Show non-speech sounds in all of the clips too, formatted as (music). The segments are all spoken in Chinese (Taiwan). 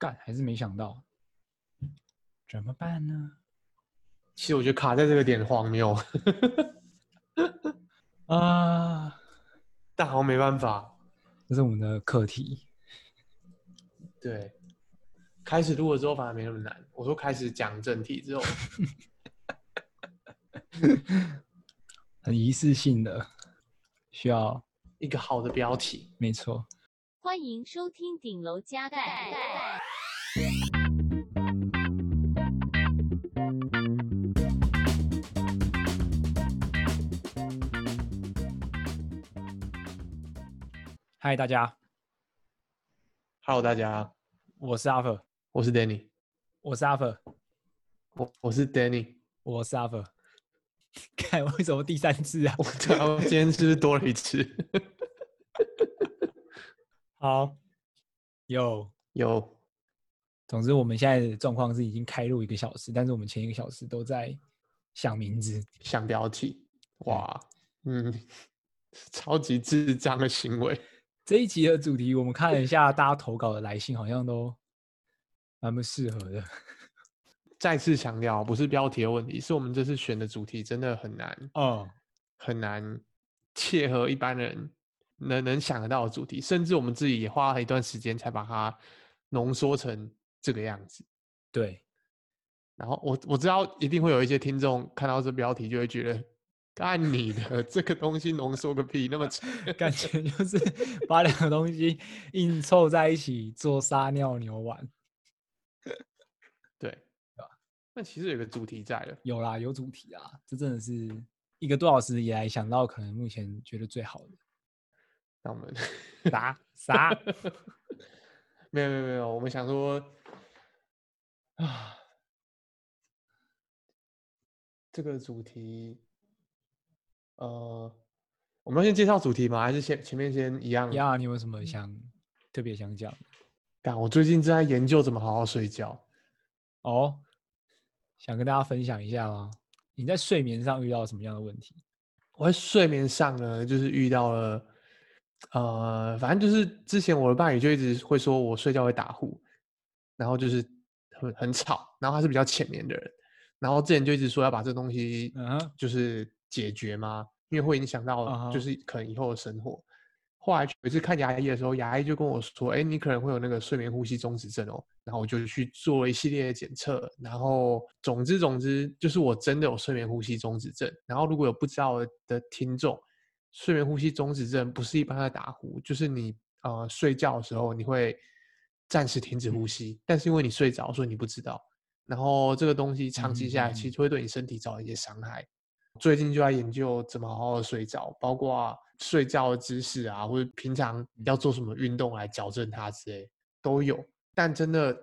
幹，還是沒想到，怎麼辦呢？其實我覺得卡在這個點荒謬啊！但 (laughs) 好、uh, 沒辦法，這是我們的課題。對，開始錄了之後反而沒那麼難。我說開始講正題之後， (laughs) (laughs) (laughs) 很儀式性的，需要一個好的標題。沒錯，歡迎收聽頂樓加蓋。加蓋嗨，Hi, 大家！Hello，大家！我是阿 Ver 我是 Danny，我是阿 Ver 我我是 Danny，我是阿 Ver e 看，為什麼第三次啊？我，的 (laughs) 我今天是，不是多了一次？ (laughs) 好，有有。總之，我們現在的狀況是已經開錄一個小時，但是我們前一個小時都在想名字、想標題。哇，嗯，超級智障的行為。這一集的主題，我們看了一下大家投稿的來信，好像都蠻適合的。再次強調，不是標題的問題，是我們這次選的主題真的很難，嗯，很難切合一般人能能想得到的主題，甚至我們自己也花了一段時間才把它濃縮成這個樣子。對。然後我我知道一定會有一些聽眾看到這標題就會覺得。按你的這個東西濃縮個屁，那麼 (laughs) 感覺就是把兩個東西硬湊在一起做撒尿牛丸，對，對吧？那其實有個主題在的，有啦，有主題啊，這真的是一個多小時以來想到可能目前覺得最好的。那我們啥啥？沒有沒有沒有，我們想說啊，這個主題。呃，我們要先介紹主題嗎？還是先前面先一樣？樣，你有什麼想、嗯、特別想講？啊，我最近正在研究怎麼好好睡覺。哦，想跟大家分享一下嗎？你在睡眠上遇到什麼樣的問題？我在睡眠上呢，就是遇到了，呃，反正就是之前我的伴侶就一直會說我睡覺會打呼，然後就是很很吵，然後他是比較淺眠的人，然後之前就一直說要把這東西，嗯，就是。Uh huh. 解決嗎？因為會影響到，就是可能以後的生活。Oh. 後來有一次看牙醫的時候，牙醫就跟我說：“哎、欸，你可能會有那個睡眠呼吸中止症哦。”然後我就去做了一系列的檢測。然後總之總之，就是我真的有睡眠呼吸中止症。然後如果有不知道的聽眾，睡眠呼吸中止症不是一般的打呼，就是你呃睡覺的時候你會暫時停止呼吸，嗯、但是因為你睡着，所以你不知道。然後這個東西長期下來，其實會對你身體造成一些傷害。嗯嗯最近就在研究怎麼好好的睡覺，包括，啊，睡覺姿勢啊，或者平常要做什麼運動來矯正它之類，都有。但真的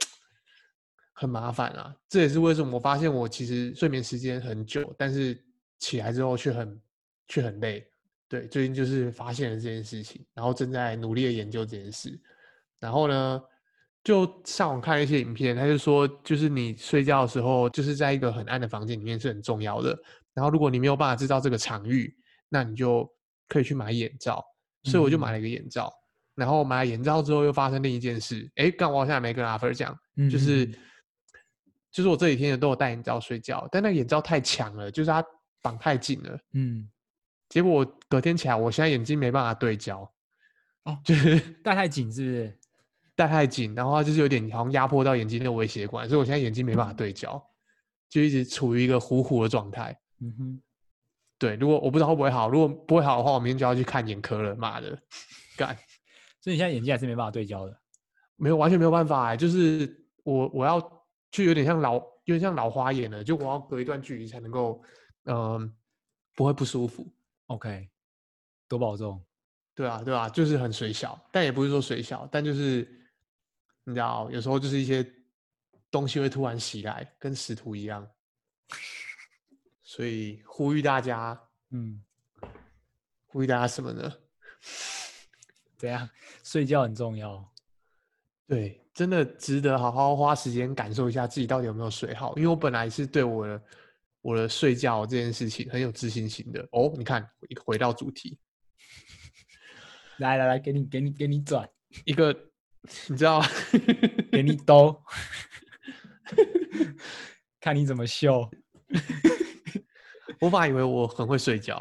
很麻煩啊！這也是為什麼我發現我其實睡眠時間很久，但是起來之後卻很卻很累。對，最近就是發現了這件事情，然後正在努力的研究這件事。然後呢，就上網看一些影片，他就說，就是你睡覺的時候，就是在一個很暗的房間裡面是很重要的。然後，如果你沒有辦法製造這個場域，那你就可以去買眼罩。所以我就買了一個眼罩。嗯、然後買了眼罩之後，又發生另一件事。誒，剛，剛我好像也沒跟阿芬講，嗯嗯，就是就是我這幾天也都有戴眼罩睡覺，但那個眼罩太強了，就是它綁太緊了。嗯，結果我隔天起來，我現在眼睛沒辦法對焦。哦，就是戴太緊是不是？戴太緊，然後它就是有點好像壓迫到眼睛那個微血管，所以我現在眼睛沒辦法對焦，嗯、就一直處於一個糊糊的狀態。嗯哼，對，如果我不知道會不會好，如果不會好的話，我明天就要去看眼科了。媽的，幹！所以你現在眼睛還是沒辦法對焦的？沒有，完全沒有辦法，哎，就是我我要就有點像老，有點像老花眼了，就我要隔一段距離才能夠，嗯、呃，不會不舒服。OK，多保重。對啊，對啊，就是很水小，但也不是說水小，但就是你知道，有時候就是一些東西會突然襲來，跟使徒一樣。所以呼籲大家，嗯，呼籲大家什麼呢？怎樣？睡覺很重要。對，真的值得好好花時間感受一下自己到底有沒有睡好。因為我本來是對我的我的睡覺這件事情很有自信心的。哦，你看，回到主題。 (laughs) 來來來，給你給你給你轉一個，你知道， (laughs) 給你兜 (laughs) (laughs) 看你怎麼秀。 (laughs) 我本來以為我很會睡覺，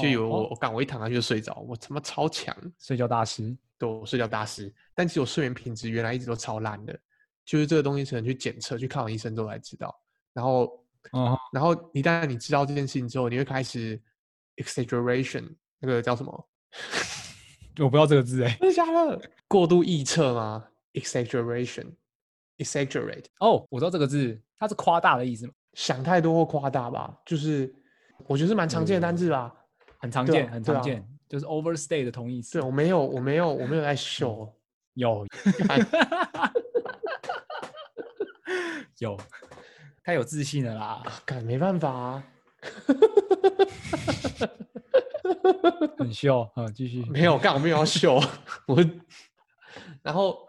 就以為我，我剛、oh, oh. 我一躺下去就睡着，我他媽超強，睡覺大師，都睡覺大師。但其實我睡眠品質原來一直都超爛的，就是這個東西只能去檢測，去看完醫生之後才知道。然後，oh. 然後一旦你知道這件事情之後，你會開始 exaggeration，那個叫什麼？ (laughs) 我不知道這個字哎、欸，嚇了，過度臆測嗎？exaggeration，exaggerate。哦 ex，oh, 我知道這個字，它是誇大的意思嗎？想太多或誇大吧，就是。我覺得是蠻常見的單字吧，很常見，很常見，就是 overstay 的同義詞。我沒有，我沒有，我沒有在秀，有，幹 (laughs) 有，太有自信了啦！啊、幹，沒辦法、啊， (laughs) 很秀。好，繼續。沒有幹，我沒有要秀 (laughs) 我。然後，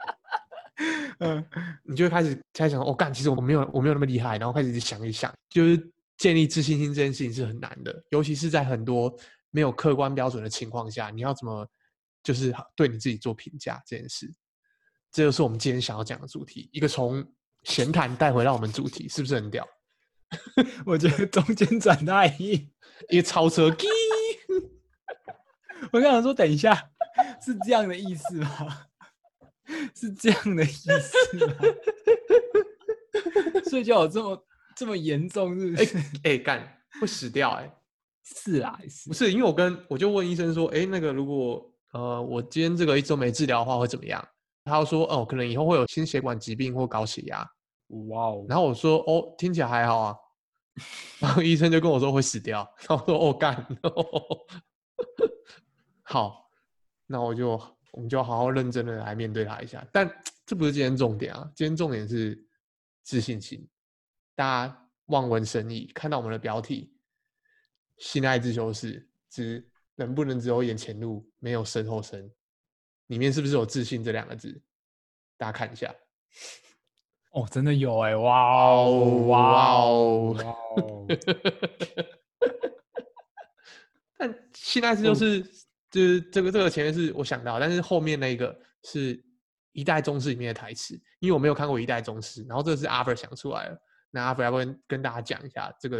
嗯，你就開始猜想，我、哦、幹，其實我沒有，我沒有那麼厲害。然後開始想一想，就是。建立自信心這件事情是很難的，尤其是在很多沒有客觀標準的情況下，你要怎麼就是對你自己做評價這件事？這就是我們今天想要講的主題。一個從閒談帶回到我們主題，是不是很屌？ (laughs) 我覺得中間轉大意，一 (laughs) 個超車。 (laughs) (laughs) 我剛想說，等一下，是這樣的意思嗎？是這樣的意思嗎？睡覺有這麼？這麼嚴重是不是？是哎、欸，幹、欸、會死掉、欸？哎、啊，是啊，不是，因為我跟我就問醫生說，哎、欸，那個如果呃我今天這個一周沒治療的話會怎麼樣？他說哦，可能以後會有心血管疾病或高血壓。哇哦！然後我說哦，聽起來還好啊。然後醫生就跟我說會死掉。然後我說哦，幹，no、 (laughs) 好，那我就我們就好好認真的來面對他一下。但這不是今天重點啊，今天重點是自信心。大家望文生義，看到我們的標題“信愛自修室之能不能只有眼前路，沒有身後身”，裡面是不是有“自信”這兩個字？大家看一下。哦，真的有哎、欸，哇哦，哇哦！但“信愛自、就、修室，嗯、就是這個，這個前面是我想到的，但是後面那個是一代宗師裡面的台詞，因為我沒有看過一代宗師，然後這個是阿 Ver 想出來了。那阿福要不要跟跟大家講一下這個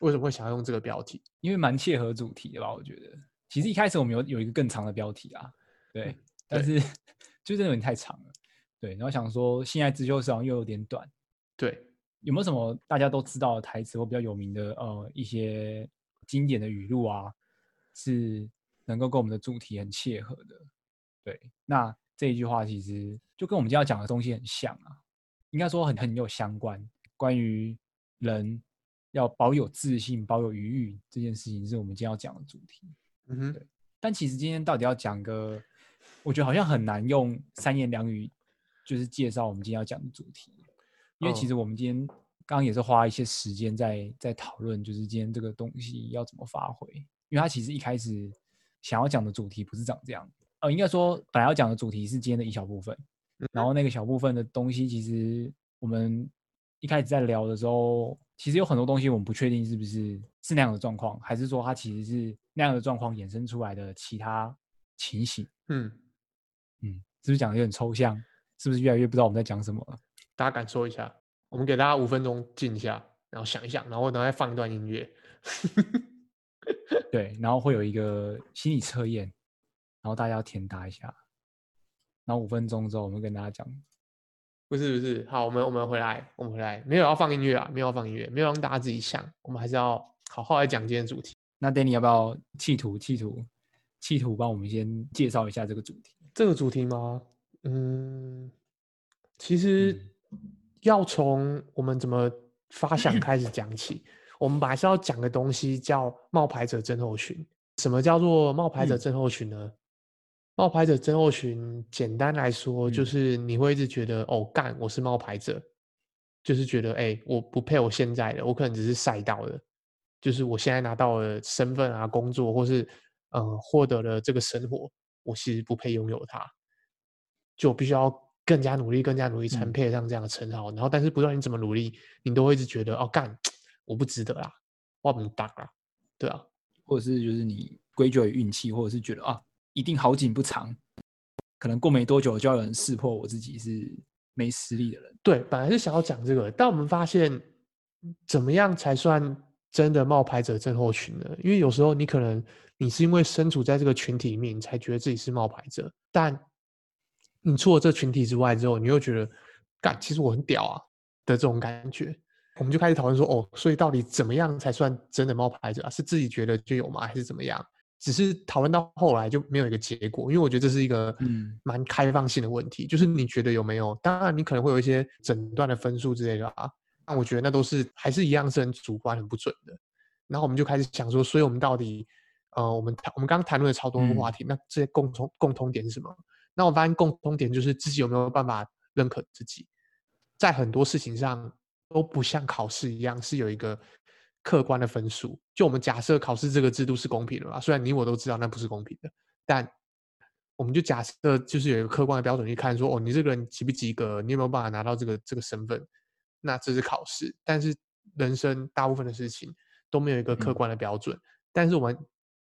為什麼會想要用這個標題？因為蠻切合主題的吧，我覺得。其實一開始我們有有一個更長的標題啊，對，嗯、但是對就真的有點太長了，對。然後想說現在自修室又有點短，對。有沒有什麼大家都知道的台詞或比較有名的呃一些經典的語錄啊，是能夠跟我們的主題很切合的？對，那這一句話其實就跟我們今天要講的東西很像啊，應該說很很有相關。關於人要保有自信，保有餘裕這件事情，是我們今天要講的主題。嗯哼。對。但其實今天到底要講個，我覺得好像很難用三言兩語，就是介紹我們今天要講的主題。因為其實我們今天剛剛也是花一些時間在在討論，就是今天這個東西要怎麼發揮。因為它其實一開始想要講的主題不是長這樣，哦，應該說本來要講的主題是今天的一小部分，然後那個小部分的東西其實我們。一開始在聊的時候，其實有很多東西我們不確定是不是是那樣的狀況，還是說它其實是那樣的狀況衍生出來的其他情形。嗯嗯，是不是講的有點抽象？是不是越來越不知道我們在講什麼了？大家感受一下，我們給大家五分鐘靜一下，然後想一想，然後等下放一段音樂。 (laughs) 對，然後會有一個心理測驗，然後大家要填答一下。然後五分鐘之後，我們跟大家講。不是不是，好，我們我們回來，我們回來，沒有要放音樂啊，沒有要放音樂，沒有讓大家自己想，我們還是要好好來講今天主題。那 Danny 要不要企圖企圖企圖幫我們先介紹一下這個主題？這個主題嗎？嗯，其實、嗯、要從我們怎麼發想開始講起。 (coughs) 我們本來是要講個東西叫冒牌者症候群。什麼叫做冒牌者症候群呢？嗯冒牌者症候群，簡單來說就是你會一直覺得哦，幹，我是冒牌者，就是覺得哎、欸，我不配，我現在的，我可能只是賽道的，就是我現在拿到的身份啊，工作或是嗯，獲得了這個生活，我其實不配擁有它，就我必須要更加努力，更加努力才配得上這樣的稱號。嗯、然後，但是不知道你怎麼努力，你都會一直覺得哦，幹，我不值得啊，我不打啊，對啊，或者是就是你歸咎於運氣，或者是覺得啊。一定好景不長，可能過沒多久就要有人識破我自己是沒實力的人。對，本來是想要講這個，但我們發現怎麼樣才算真的冒牌者症候群呢？因為有時候你可能你是因為身處在這個群體裡面，你才覺得自己是冒牌者，但你出了這群體之外之後，你又覺得，幹，其實我很屌啊的這種感覺。我們就開始討論說，哦，所以到底怎麼樣才算真的冒牌者？是自己覺得就有嗎？還是怎麼樣？只是討論到後來就沒有一個結果，因為我覺得這是一個嗯蠻開放性的問題，嗯、就是你覺得有沒有？當然你可能會有一些診斷的分數之類的啊，那我覺得那都是還是一樣是很主觀、很不準的。然後我們就開始想說，所以我們到底呃，我們談我們剛剛談論了超多、多個話題，嗯、那這些共同共通點是什麼？那我發現共通點就是自己有沒有辦法認可自己，在很多事情上都不像考試一樣是有一個。客觀的分數，就我們假設考試這個制度是公平的嘛，雖然你我都知道那不是公平的，但我們就假設就是有一個客觀的標準去看說，說哦，你這個人及不及格，你有沒有辦法拿到這個這個身份？那這是考試，但是人生大部分的事情都沒有一個客觀的標準，嗯、但是我們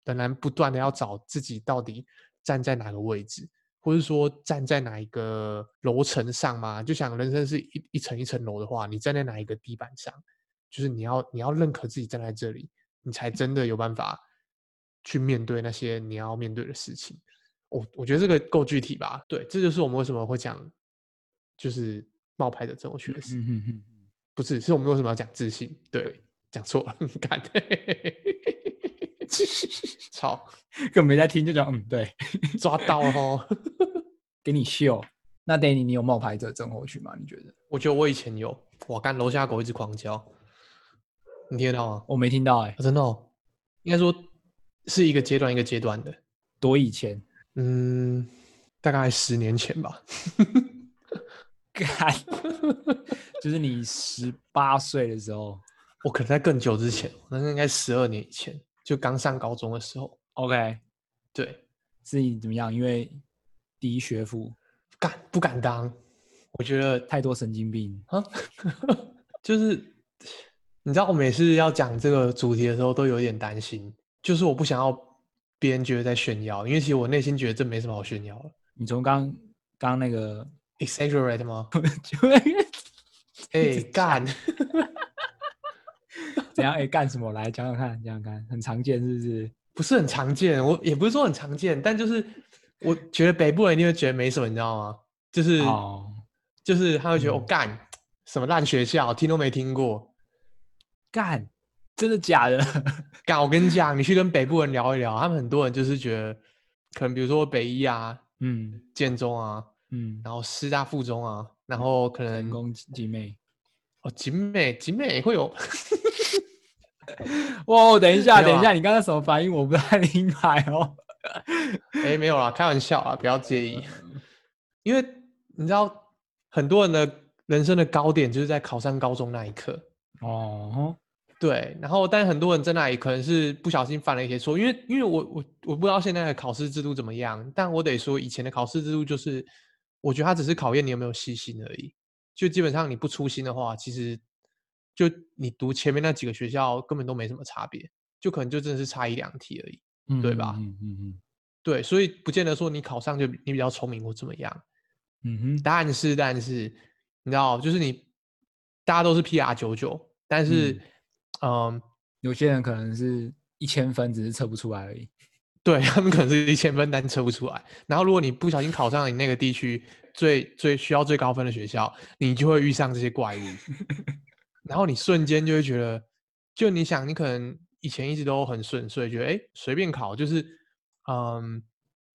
仍然不斷的要找自己到底站在哪個位置，或是說站在哪一個樓層上嘛，就想人生是一一層一層樓的話，你站在哪一個地板上？就是你要你要認可自己站在這裡，你才真的有辦法去面對那些你要面對的事情。我我覺得這個夠具體吧？對，這就是我們為什麼會講，就是冒牌者症候群的事。嗯、哼哼不是，是我們為什麼要講自信？對，講錯對了，你敢？ (laughs) 操，根本沒在聽就講，就這樣。對， (laughs) 抓到哦，給你秀。那 Danny，你有冒牌者症候群嗎？你覺得？我覺得我以前有，哇幹，樓下狗一直狂叫。你聽得到嗎？我沒聽到哎、欸，真的，哦，應該說是一個階段一個階段的。多以前？嗯，大概還十年前吧。呵 (laughs) 幹 (laughs) 就是你十八歲的時候，我可能在更久之前，那應該十二年以前，就剛上高中的時候。OK，對，自己怎麼樣？因為第一學府，不敢不敢當？我覺得太多神經病啊，就是。你知道我每次要講這個主題的時候，都有點擔心，就是我不想要別人覺得在炫耀，因為其實我內心覺得這沒什麼好炫耀的。你從剛剛那個 exaggerate 嗎？就那個，哎，幹，怎、欸、樣？哎，幹什麼？來講講看，講講看，很常見是不是？不是很常見，我也不是說很常見，但就是我覺得北部人一定會覺得沒什麼，你知道嗎？就是、oh. 就是他會覺得我幹、嗯哦、什麼爛學校，聽都沒聽過。幹，真的假的？幹， (laughs) 我跟你講，你去跟北部人聊一聊，他們很多人就是覺得，可能比如說北一啊，嗯，建中啊，嗯，然後師大附中啊，然後可能成功景美，哦，景美，景美會有。 (laughs) 哇，等一下，啊、等一下，你剛才什麼反應？我不太明白哦。哎 (laughs) 欸，沒有啦，開玩笑啊，不要介意。 (laughs) 因為你知道，很多人的人生的高點就是在考上高中那一刻。哦。對，然後，但很多人在那裡可能是不小心犯了一些錯，因為，因為我，我我不知道現在的考試制度怎麼樣，但我得說，以前的考試制度就是，我覺得它只是考驗你有沒有細心而已，就基本上你不粗心的話，其實就你讀前面那幾個學校根本都沒什麼差別，就可能就真的是差一兩題而已，嗯、對吧？嗯，嗯，嗯，嗯，對，所以不見得說你考上就你比較聰明或怎麼樣，嗯哼、嗯，但是但是你知道，就是你大家都是 PR 九九，但是。嗯嗯，um, 有些人可能是一千分，只是測不出來而已。對，他們可能是一千分，但測不出來。然後如果你不小心考上了你那個地區最最需要最高分的學校，你就會遇上這些怪物。 (laughs) 然後你瞬間就會覺得，就你想，你可能以前一直都很順，所以覺得哎隨便考。就是嗯，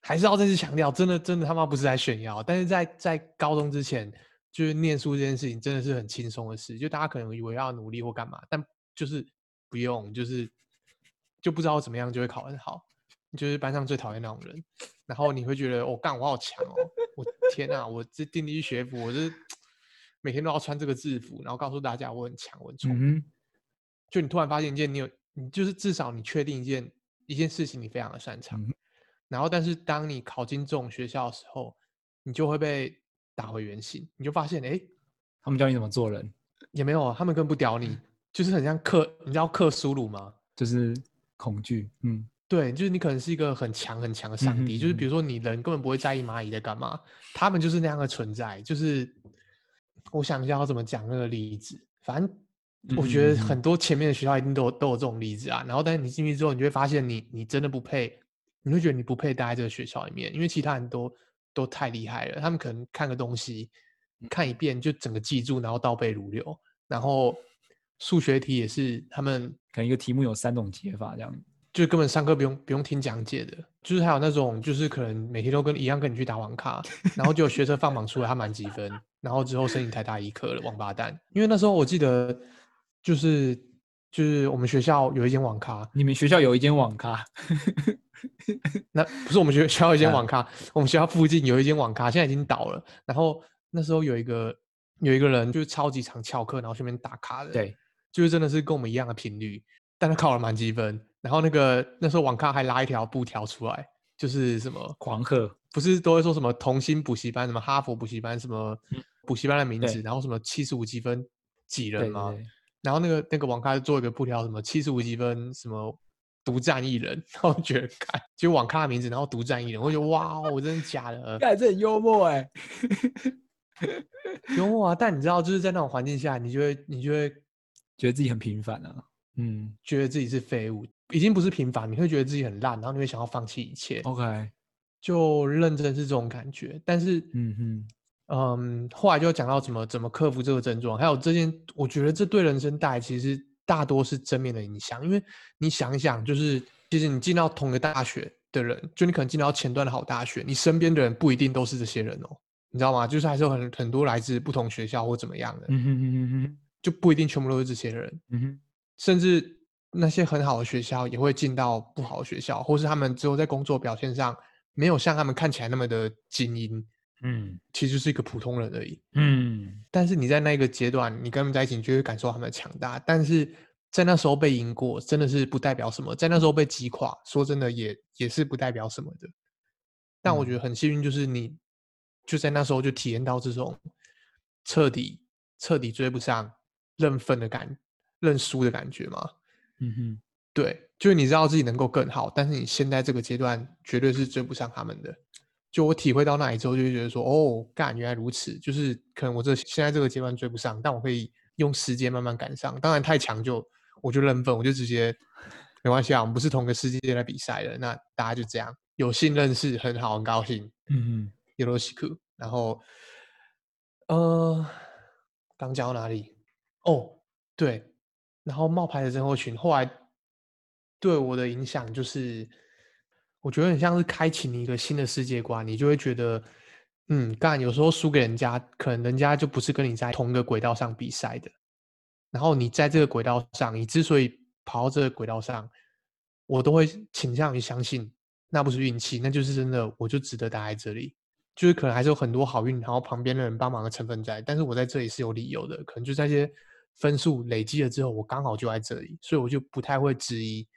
還是要再次強調，真的真的他媽不是在炫耀。但是在在高中之前，就是念書這件事情真的是很輕鬆的事。就大家可能以為要努力或幹嘛，但。就是不用，就是就不知道怎麼樣就會考很好，就是班上最討厭那種人。然後你會覺得我幹、 (laughs) 哦、我好強哦！我天哪、啊，我這定力學府，我這每天都要穿這個制服，然後告訴大家我很強，我很聰明。嗯、哼就你突然發現一件，你有你就是至少你確定一件一件事情你非常的擅長。嗯、哼然後，但是當你考進這種學校的時候，你就會被打回原形。你就發現，哎、欸，他們教你怎麼做人也沒有，他們根本不屌你。就是很像克，你知道克蘇魯嗎？就是恐懼，嗯，對，就是你可能是一個很強很強的上帝，嗯嗯嗯，就是比如說你人根本不會在意螞蟻在幹嘛，他們就是那樣的存在。就是我想一下要怎麼講那個例子，反正我覺得很多前面的學校一定都有嗯嗯嗯，都有這種例子啊。然後，但是你進去之後，你就會發現你你真的不配，你會覺得你不配待在這個學校裡面，因為其他人都都太厲害了。他們可能看個東西，看一遍就整個記住，然後倒背如流，然後。數學題也是，他們可能一個題目有三種解法，這樣就根本上課不用不用聽講解的。就是還有那種就是可能每天都跟一樣跟你去打網咖，然後就學生放榜出來他滿級分， (laughs) 然後之後申請台大醫科了，王八蛋。因為那時候我記得就是就是我們學校有一間網咖，你們學校有一間網咖？ (laughs) 那不是我們學學校有一間網咖，嗯、我們學校附近有一間網咖，現在已經倒了。然後那時候有一個有一個人就是超級常翹課，然後順便打卡的。對。就是真的是跟我們一樣的頻率，但他考了滿級分，然後那個那時候網咖還拉一條布條出來，就是什麼狂賀，不是都會說什麼同心補習班、什麼哈佛補習班、什麼補習班的名字，嗯、然後什麼七十五級分幾人嘛，對對對然後那個那個網咖就做一個布條，什麼七十五級分什麼獨占一人，然後覺得就網咖的名字，然後獨占一人，我覺得哇、哦，我真的假的，但 (laughs) 很幽默哎、欸， (laughs) 幽默啊！但你知道就是在那種環境下，你就會你就會。覺得自己很平凡啊，嗯，覺得自己是廢物，已經不是平凡，你會覺得自己很爛，然後你會想要放棄一切。OK，就認真是這種感覺，但是，嗯哼，嗯，後來就講到怎麼怎麼克服這個症狀，還有這件，我覺得這對人生帶來，其實大多是正面的影響，因為你想一想，就是其實你進到同個大學的人，就你可能進到前段的好大學，你身邊的人不一定都是這些人哦，你知道嗎？就是還是有很很多來自不同學校或怎麼樣的。嗯哼哼哼就不一定全部都是這些人，嗯哼，甚至那些很好的學校也會進到不好的學校，或是他們只有在工作表現上沒有像他們看起來那麼的精英，嗯，其實是一個普通人而已，嗯。但是你在那個階段，你跟他們在一起，就會感受他們的強大。但是在那時候被贏過，真的是不代表什麼；在那時候被擊垮，說真的也也是不代表什麼的。但我覺得很幸運，就是你就在那時候就體驗到這種徹底徹底追不上。認分的感覺，認輸的感覺嘛。嗯哼，對，就是你知道自己能夠更好，但是你現在這個階段絕對是追不上他們的。就我體會到那一周，就會覺得說，哦，幹，原來如此。就是可能我這現在這個階段追不上，但我可以用時間慢慢趕上。當然太強就我就認分，我就直接沒關係啊，我們不是同個世界在比賽的，那大家就這樣。有幸認識，很好，很高興。嗯哼，よろしく。然後，呃，剛講到哪裡？哦，對，然後冒牌者症候群後來對我的影響就是，我覺得很像是開啟你一個新的世界觀，你就會覺得，嗯，當然有時候輸給人家，可能人家就不是跟你在同一個軌道上比賽的，然後你在這個軌道上，你之所以跑到這個軌道上，我都會傾向於相信，那不是運氣，那就是真的，我就值得待在這裡，就是可能還是有很多好運，然後旁邊的人幫忙的成分在，但是我在這裡是有理由的，可能就是那些。分數累積了之後，我剛好就在這裡，所以我就不太會質疑，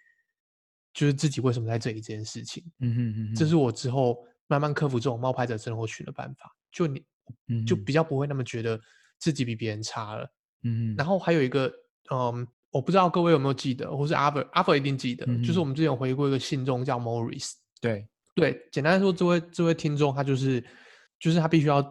就是自己為什麼在這裡這件事情。嗯哼嗯嗯，這是我之後慢慢克服這種冒牌者症候群的辦法。就你，嗯、哼就比較不會那麼覺得自己比別人差了。嗯嗯哼。然後還有一個，嗯，我不知道各位有沒有記得，或是阿佛，阿佛一定記得，嗯、哼就是我們之前有回過一個信眾叫 Morris、嗯哼。對對，簡單來說，這位這位聽眾他就是，就是他必須要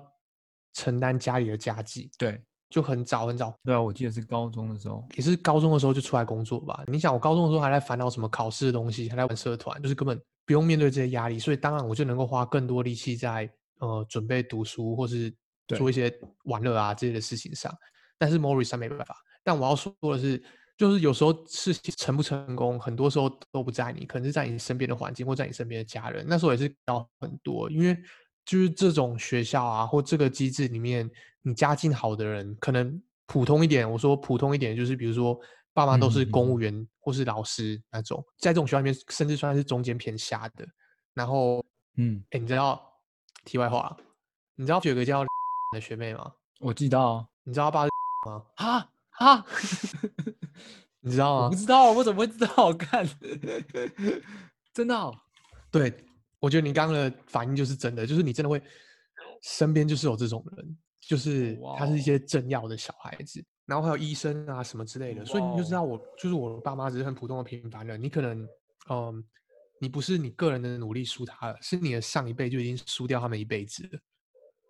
承擔家裡的家計。對。就很早很早，對啊，我記得是高中的時候，也是高中的時候就出來工作吧。你想，我高中的時候還在煩惱什麼考試的東西，還在玩社團，就是根本不用面對這些壓力，所以當然我就能夠花更多力氣在呃準備讀書或是做一些玩樂啊這些的事情上。對但是 Morris 沒辦法。但我要說的是，就是有時候事情成不成功，很多時候都不在你，可能是在你身邊的環境或在你身邊的家人。那時候也是要很多，因為。就是這種學校啊，或這個機制裡面，你家境好的人可能普通一點。我說普通一點，就是比如說爸媽都是公務員或是老師那種，嗯嗯、在這種學校裡面，甚至算是中間偏下的。然後，嗯、欸，你知道題外話，你知道有個叫、X、的學妹嗎？我知道。你知道他爸是、X、嗎？啊啊！哈 (laughs) 你知道嗎？不知道，我怎麼會知道？看， (laughs) 真的、哦，對。我覺得你剛剛的反應就是真的，就是你真的會，身邊就是有這種人，就是他是一些正要的小孩子，Wow. 然後還有醫生啊什麼之類的，Wow. 所以你就知道我就是我爸媽只是很普通的平凡人。你可能，嗯，你不是你個人的努力輸他了，是你的上一輩就已經輸掉他們一輩子了。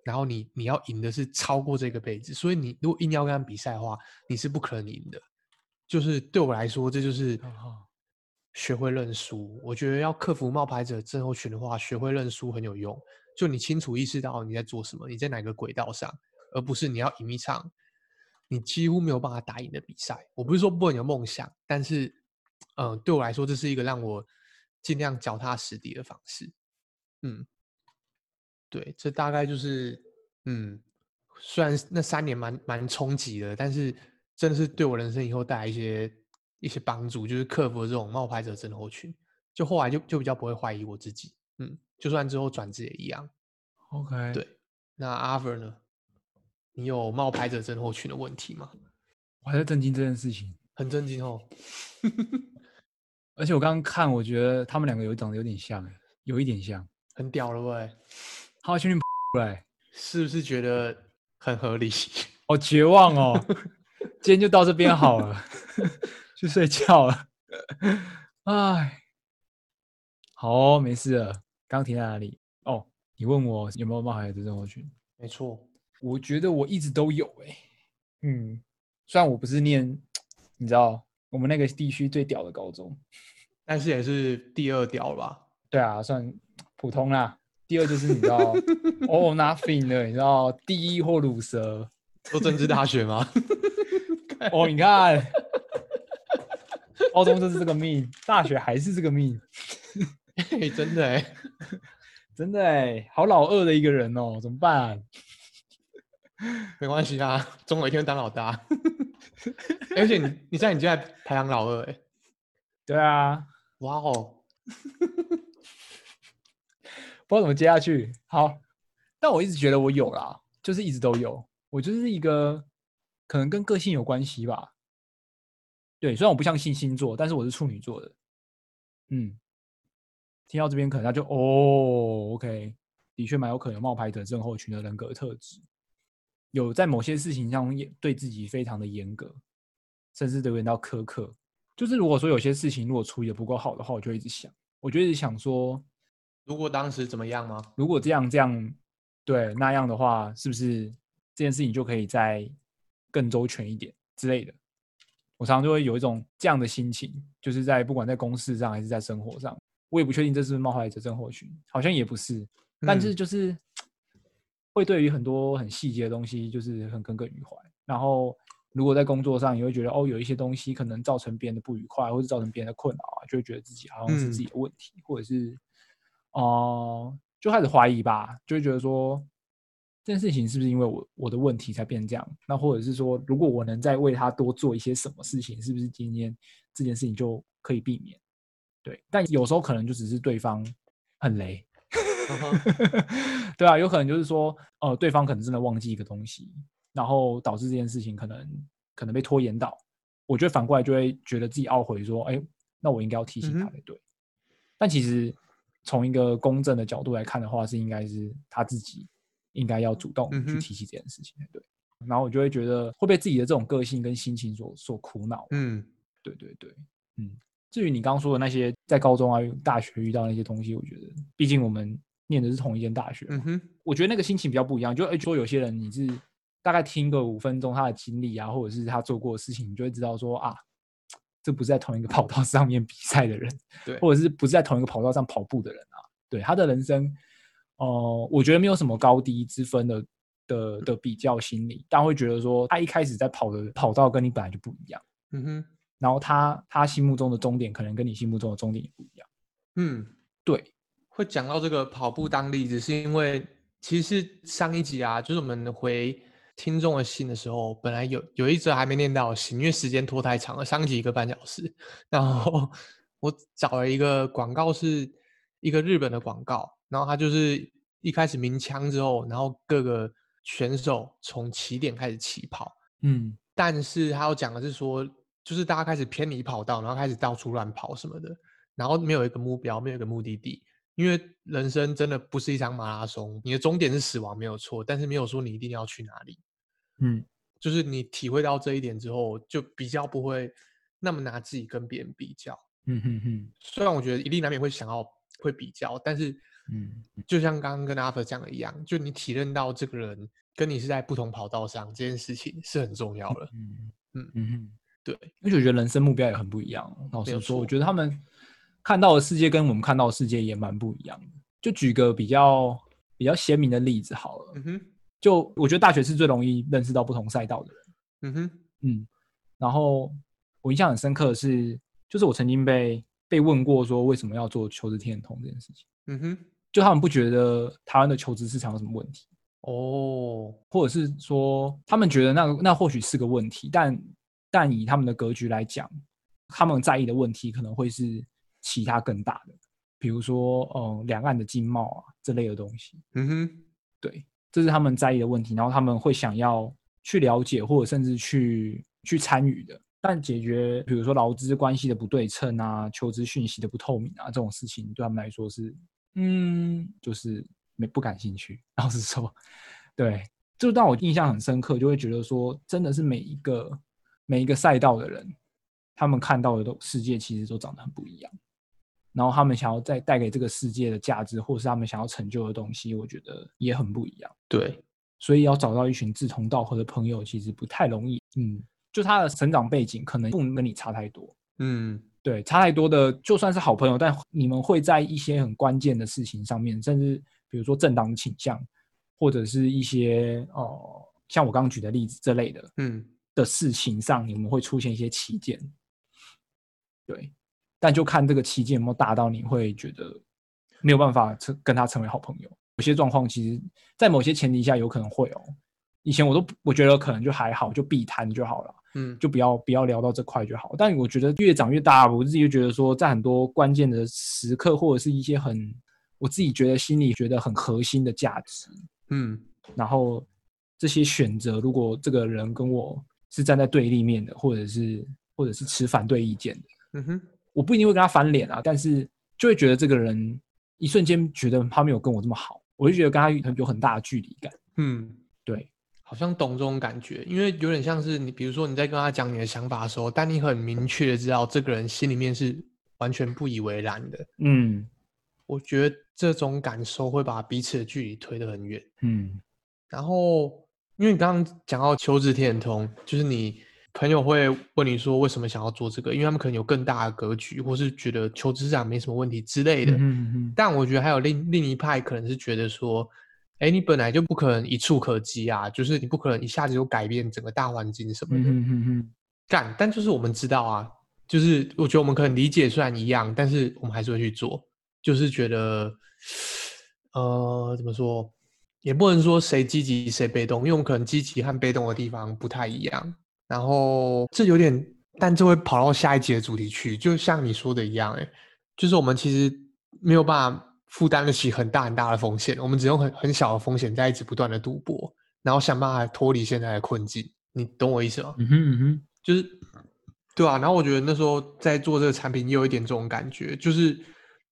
然後你你要贏的是超過這個輩子，所以你如果硬要跟他比賽的話，你是不可能贏的。就是對我來說，這就是。學會認輸，我覺得要克服冒牌者症候群的話，學會認輸很有用。就你清楚意識到你在做什麼，你在哪個軌道上，而不是你要贏一場你幾乎沒有辦法打贏的比賽。我不是說不能有夢想，但是，嗯、呃，對我來說，這是一個讓我盡量腳踏實地的方式。嗯，對，這大概就是，嗯，雖然那三年蠻蠻衝擊的，但是真的是對我人生以後帶來一些。一些幫助，就是克服這種冒牌者症候群。就後來就就比較不會懷疑我自己，嗯，就算之後轉職也一樣。OK，對。那阿 Ver 呢？你有冒牌者症候群的問題嗎？我還在震驚這件事情，很震驚哦。 (laughs) 而且我剛剛看，我覺得他們兩個有長得有點像，有一點像，很屌了不對？好兄弟、欸，是不是覺得很合理？好絕望哦！ (laughs) 今天就到這邊好了。 (laughs) 去睡覺了，哎， (laughs) 好、哦，沒事了。剛停在哪裡？哦，你問我有沒有冒牌者症候群？沒錯錯，我覺得我一直都有哎、欸。嗯，雖然我不是念你知道我們那個地區最屌的高中，但是也是第二屌吧？ (laughs) 對啊，算普通啦。第二就是你知道，哦 all or nothing 的你知道第一或魯蛇都政治大學嗎？ (laughs) (laughs) 哦，你看。 (laughs) 高中就是這個命，大學還是這個命、 (laughs) 欸，真的，欸，真的，欸，好老二的一個人哦，喔，怎麼辦，啊？沒關係啊，總有一天會當老大、 (laughs) 欸。而且你，你知道你現在排行老二，欸，哎，對啊，哇哦 Wow， (laughs) 不知道怎麼接下去。好，但我一直覺得我有啦，就是一直都有，我就是一個，可能跟個性有關係吧。對，雖然我不相信星、星座，但是我是處女座的。嗯，聽到這邊可能他就哦，OK，的確蠻有可能有冒牌者症候群的人格的特質，有在某些事情上也對自己非常的嚴格，甚至得有點到苛刻。就是如果說有些事情如果處理的不夠好的話，我就一直想，我就一直想說，如果當時怎麼樣嗎？如果這樣這樣，對，那樣的話，是不是這件事情就可以再更周全一點之類的？常常就會有一種這樣的心情，就是在不管在公事上還是在生活上，我也不確定這是不是冒牌者症候群，好像也不是，但是就是會對於很多很細節的東西就是很耿耿於懷。然後如果在工作上，你會覺得哦，有一些東西可能造成別人的不愉快，或是造成別人的困擾啊，就會覺得自己好像是自己的問題，嗯、或者是哦、呃、就開始懷疑吧，就會覺得說，這件事情是不是因為我我的問題才變成這樣？那或者是說，如果我能再為他多做一些什麼事情，是不是今天這件事情就可以避免？對，但有時候可能就只是對方很雷， (laughs) uh huh. (laughs) 對啊，有可能就是說，哦、呃，對方可能真的忘記一個東西，然後導致這件事情可能可能被拖延到，我就反過來就會覺得自己懊悔，說，哎，那我應該要提醒他才對。Uh huh. 但其實從一個公正的角度來看的話，是應該是他自己。應該要主動去提起這件事情，嗯、哼對。然後我就會覺得會被自己的這種個性跟心情所所苦惱、啊。嗯，對對對，嗯。至於你剛剛說的那些，在高中啊、大學遇到那些東西，我覺得畢竟我們念的是同一間大學。嗯、哼我覺得那個心情比較不一樣。就說有些人，你是大概聽個五分鐘他的經歷啊，或者是他做過的事情，你就會知道說啊，這不是在同一個跑道上面比賽的人，對或者是不是在同一個跑道上跑步的人啊？對，他的人生。哦、呃，我覺得沒有什麼高低之分的的的比較心理，嗯、但會覺得說他一開始在跑的跑道跟你本來就不一樣，嗯哼，然後他他心目中的終點可能跟你心目中的終點也不一樣，嗯，對，會講到這個跑步當例子，是因為其實上一集啊，就是我們回聽眾的信的時候，本來有有一則還沒念到的信，因為時間拖太長了，上一集一個半小時，然後我找了一個廣告，是一個日本的廣告。然後他就是一開始鳴槍之後，然後各個選手從起點開始起跑，嗯，但是他要講的是說，就是大家開始偏離跑道，然後開始到處亂跑什麼的，然後沒有一個目標，沒有一個目的地，因為人生真的不是一場馬拉松，你的終點是死亡，沒有錯，但是沒有說你一定要去哪裡，嗯，就是你體會到這一點之後，就比較不會那麼拿自己跟別人比較，嗯嗯嗯，雖然我覺得一定難免會想要會比較，但是。嗯， (noise) 就像剛剛跟阿 v 講的一樣，就你體認到這個人跟你是在不同跑道上這件事情是很重要的。嗯嗯嗯，嗯嗯對，而且我覺得人生目標也很不一樣。老實說，錯我覺得他們看到的世界跟我們看到的世界也蠻不一樣的。就舉個比較比較鮮明的例子好了。嗯哼，就我覺得大學是最容易認識到不同賽道的人。嗯哼，嗯，嗯然後我印象很深刻的是，就是我曾經被被問過說，為什麼要做求職天眼通這件事情。嗯哼。就他們不覺得台灣的求職市場有什麼問題哦，oh, 或者是說他們覺得那那或許是個問題，但但以他們的格局來講，他們在意的問題可能會是其他更大的，比如說呃嗯兩岸的經貿啊這類的東西。嗯哼、mm-hmm. 對，這是他們在意的問題，然後他們會想要去了解或者甚至去去參與的。但解決比如說勞資關係的不對稱啊、求職訊息的不透明啊這種事情，對他們來說是。嗯，就是沒不感興趣，然後是說，對，就讓我印象很深刻，就會覺得說，真的是每一個每一個賽道的人，他們看到的都世界其實都長得很不一樣，然後他們想要再帶給這個世界的價值，或是他們想要成就的東西，我覺得也很不一樣。對，所以要找到一群志同道合的朋友，其實不太容易。嗯，就他的成長背景可能不能跟你差太多。嗯。對，差太多的就算是好朋友，但你們會在一些很關鍵的事情上面，甚至比如說政黨傾向，或者是一些哦、呃，像我剛舉的例子這類的，嗯的事情上，你們會出現一些歧見。對，但就看這個歧見有沒有大到你會覺得沒有辦法成跟他成為好朋友。有些狀況其實，在某些前提下有可能會哦。以前我都我覺得可能就還好，就避談就好了。嗯，就不要不要聊到這塊就好。但我覺得越長越大，我自己就覺得說，在很多關鍵的時刻，或者是一些很我自己覺得心裡覺得很核心的價值，嗯，然後這些選擇，如果這個人跟我是站在對立面的，或者是或者是持反對意見的，嗯哼，我不一定會跟他翻臉啊，但是就會覺得這個人一瞬間覺得他沒有跟我這麼好，我就覺得跟他有很大的距離感，嗯。好像懂這種感覺，因為有點像是你，比如說你在跟他講你的想法的時候，但你很明確的知道這個人心裡面是完全不以為然的。嗯，我覺得這種感受會把彼此的距離推得很遠。嗯，然後因為你剛剛講到求職天通，就是你朋友會問你說為什麼想要做這個，因為他們可能有更大的格局，或是覺得求職上沒什麼問題之類的。嗯嗯。但我覺得還有另另一派可能是覺得說。哎，你本來就不可能一蹴可及啊，就是你不可能一下子就改變整個大環境什麼的。嗯嗯嗯。幹，但就是我們知道啊，就是我覺得我們可能理解雖然一樣，但是我們還是會去做，就是覺得，呃，怎麼說，也不能說誰積極誰被動，因為我們可能積極和被動的地方不太一樣。然後這有點，但這會跑到下一集的主題去，就像你說的一樣，欸，哎，就是我們其實沒有辦法負擔得起很大很大的風險，我們只用很很小的風險在一直不斷的賭博，然後想辦法脫離現在的困境。你懂我意思嗎？嗯哼， (music) 就是，對啊，然後我覺得那時候在做這個產品，也有一點這種感覺，就是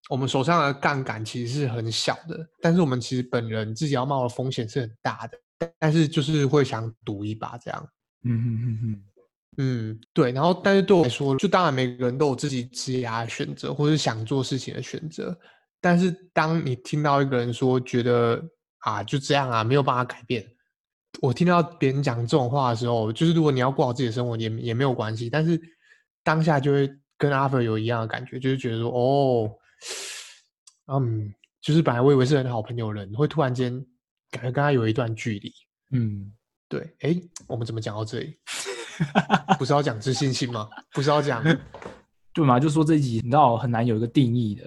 我們手上的槓桿其實是很小的，但是我們其實本人自己要冒的風險是很大的，但是就是會想賭一把這樣。嗯哼嗯哼， (music) 嗯，對。然後，但是對我來說，就當然每個人都有自己職涯的選擇，或是想做事情的選擇。但是當你聽到一個人說“覺得啊就這樣啊沒有辦法改變”，我聽到別人講這種話的時候，就是如果你要過好自己的生活，也也沒有關係。但是當下就會跟阿 v 有一樣的感覺，就是覺得說：“哦，嗯，就是本來我以為是很好朋友的人，人會突然間感覺跟他有一段距離。”嗯，對。哎，我們怎麼講到這裡？ (laughs) 不是要講自信心嗎？不是要講對嗎？ (laughs) 就，就說這一集你知道很難有一個定義的。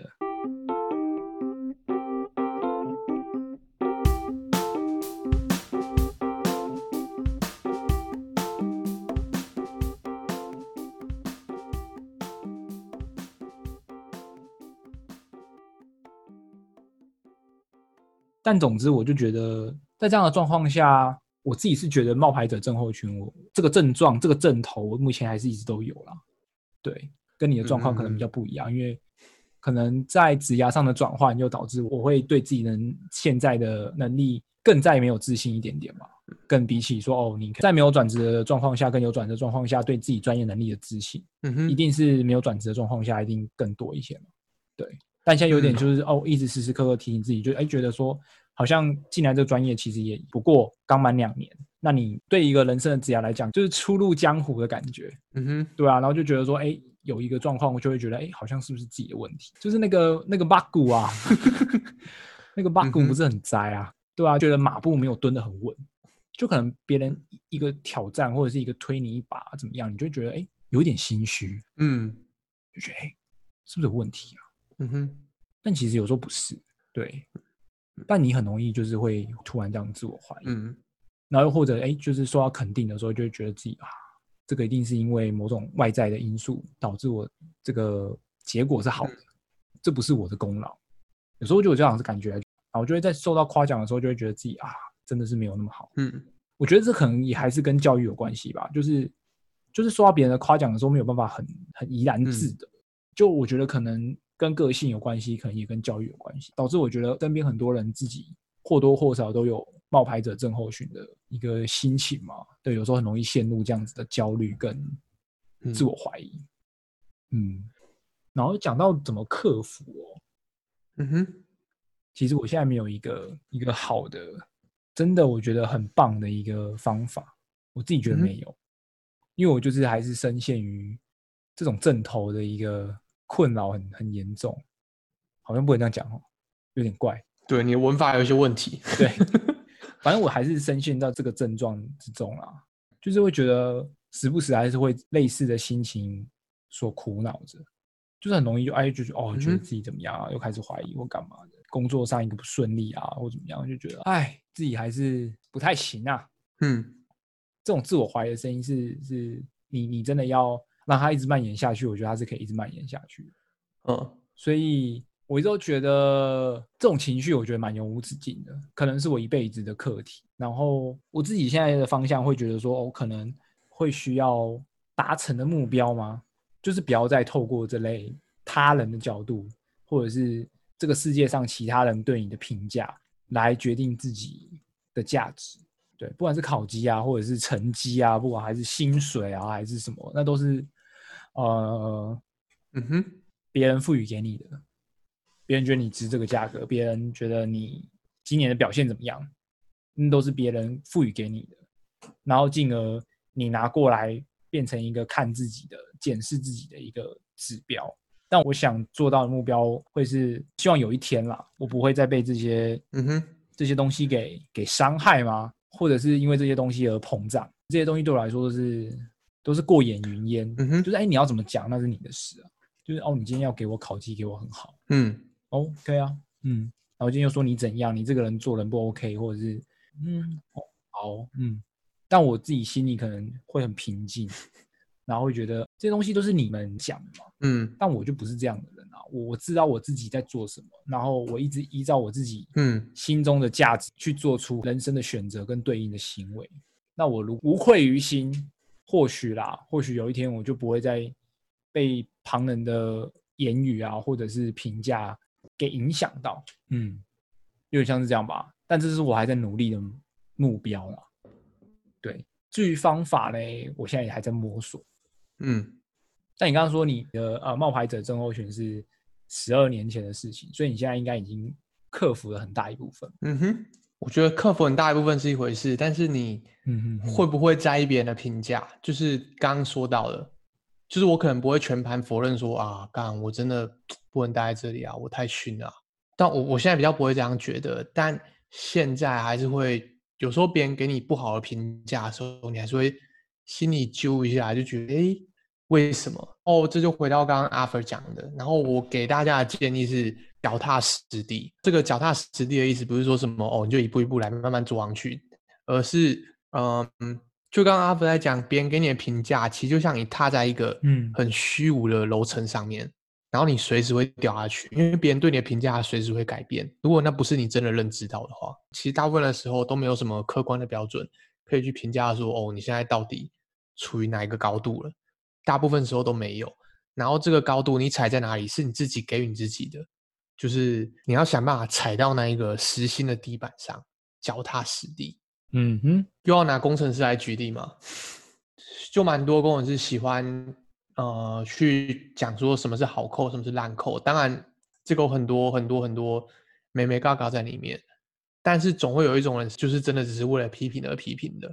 但總之，我就覺得在這樣的狀況下，我自己是覺得冒牌者症候群，我這個症狀、這個症頭，目前還是一直都有啦。對，跟你的狀況可能比較不一樣，嗯、哼因為可能在職涯上的轉換，就導致我會對自己能現在的能力更再沒有自信一點點嘛。更比起說，哦，你在沒有轉職的狀況下，跟有轉職的狀況下對自己專業能力的自信，嗯、哼一定是沒有轉職的狀況下一定更多一些嘛。對。但現在有點就是、嗯、哦，一直時時刻刻提醒自己，就哎、欸、覺得說好像進來這個專業其實也不過剛滿兩年。那你對一個人生的職涯來講，就是初入江湖的感覺，嗯哼，對啊。然後就覺得說，哎、欸，有一個狀況，我就會覺得，哎、欸，好像是不是自己的問題？就是那個那個 bug 啊，那個 bug、啊、 (laughs) (laughs) 不是很栽啊，嗯、哼對啊，覺得馬步沒有蹲得很穩，就可能別人一個挑戰或者是一個推你一把怎麼樣，你就會覺得哎、欸，有點心虛，嗯，就覺得哎、欸，是不是有問題啊？嗯哼，但其實有時候不是，對，嗯嗯、但你很容易就是會突然這樣自我懷疑，嗯，然後又或者哎、欸，就是受到肯定的時候，就會覺得自己啊，這個一定是因為某種外在的因素導致我這個結果是好的，嗯、這不是我的功勞。有時候就有這樣子感覺，然後就會在受到誇獎的時候，就會覺得自己啊，真的是沒有那麼好，嗯，我覺得這可能也還是跟教育有關係吧，就是就是受到別人的誇獎的時候，沒有辦法很很怡然自得，嗯、就我覺得可能。跟個性有關係，可能也跟教育有關係，導致我覺得身邊很多人自己或多或少都有冒牌者症候群的一個心情嘛。對，有時候很容易陷入這樣子的焦慮跟自我懷疑。嗯，嗯，然後講到怎麼克服哦，嗯哼，其實我現在沒有一個一個好的，真的我覺得很棒的一個方法，我自己覺得沒有，嗯，因為我就是還是深陷於這種症頭的一個。困擾很很嚴重，好像不能這樣講哦，有點怪。對，你的文法有一些問題。對， (laughs) 反正我還是深陷到這個症狀之中了，啊，就是會覺得時不時還是會類似的心情所苦惱着，就是很容易就哎，就覺得哦，我覺得自己怎麼樣，啊，嗯、又開始懷疑我幹嘛的。工作上一個不順利啊，或怎麼樣，就覺得哎，自己還是不太行啊。嗯，這種自我懷疑的聲音是，是你你真的要，讓它一直蔓延下去，我覺得它是可以一直蔓延下去的，嗯，所以我一直都覺得這種情緒，我覺得蠻永無止境的，可能是我一輩子的課題。然後我自己現在的方向會覺得說，哦，可能會需要達成的目標嗎？就是不要再透過這類他人的角度，或者是這個世界上其他人對你的評價來決定自己的價值。對，不管是考績啊，或者是成績啊，不管還是薪水啊，還是什麼，那都是。呃，嗯哼，別人賦予給你的，別人覺得你值這個價格，別人覺得你今年的表現怎麼樣，那、嗯、都是別人賦予給你的，然後進而你拿過來變成一個看自己的、檢視自己的一個指標。但我想做到的目標，會是希望有一天啦，我不會再被這些，嗯哼，這些東西給給傷害嗎？或者是因為這些東西而膨脹。這些東西對我來說都是。都是過眼雲煙，嗯、哼就是、欸，你要怎麼講那是你的事啊。就是哦，你今天要給我烤雞，給我很好，嗯，o、okay、k 啊，嗯，然後今天又說你怎樣，你這個人做人不 OK，或者是嗯、哦，好，嗯，但我自己心裡可能會很平靜， (laughs) 然後會覺得這東西都是你們講的嘛，嗯，但我就不是這樣的人啊，我知道我自己在做什麼，然後我一直依照我自己嗯心中的價值、嗯、去做出人生的選擇跟對應的行為，那我如無愧於心。或許啦，或許有一天我就不會再被旁人的言語啊，或者是評價給影響到，嗯，有點像是這樣吧。但這是我還在努力的目標了。對，至於方法嘞，我現在也還在摸索。嗯，但你剛剛說你的呃冒牌者症候群是十二年前的事情，所以你現在應該已經克服了很大一部分。嗯哼。我覺得克服很大一部分是一回事，但是你，會不會在意別人的評價？ (noise) 就是剛剛說到的，就是我可能不會全盤否認說啊，剛我真的不能待在這裡啊，我太遜了，啊。但我我現在比較不會這樣覺得，但現在還是會有時候別人給你不好的評價的時候，你還是會心裡揪一下，就覺得哎，為什麼？哦，這就回到剛剛阿福講的。然後我給大家的建議是，腳踏實地，這個腳踏實地的意思不是說什麼哦，你就一步一步來，慢慢做上去，而是嗯、呃，就剛剛阿福在講，別人給你的評價，其實就像你踏在一個嗯很虛無的樓層上面，嗯、然後你隨時會掉下去，因為別人對你的評價隨時會改變。如果那不是你真的認知到的話，其實大部分的時候都沒有什麼客觀的標準可以去評價說哦，你現在到底處於哪一個高度了？大部分時候都沒有。然後這個高度你踩在哪裡，是你自己給予你自己的。就是你要想辦法踩到那一個實心的地板上，腳踏實地。嗯哼，又要拿工程師來舉例嘛？就蠻多工程師喜歡呃去講說什麼是好扣，什麼是爛扣。當然，這個有很多很多很多美美嘎嘎在裡面，但是總會有一種人，就是真的只是為了批評而批評的。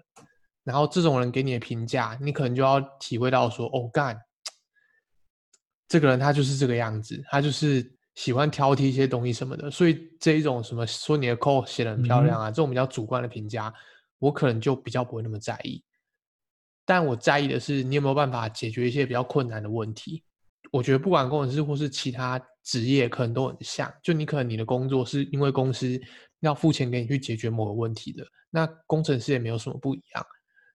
然後這種人給你的評價，你可能就要體會到說哦，幹。這個人他就是這個樣子，他就是。喜歡挑剔一些東西什麼的，所以這一種什麼說你的 code 寫得很漂亮啊，嗯、這種比較主觀的評價，我可能就比較不會那麼在意。但我在意的是你有沒有辦法解決一些比較困難的問題。我覺得不管工程師或是其他職業，可能都很像，就你可能你的工作是因為公司要付錢給你去解決某個問題的，那工程師也沒有什麼不一樣。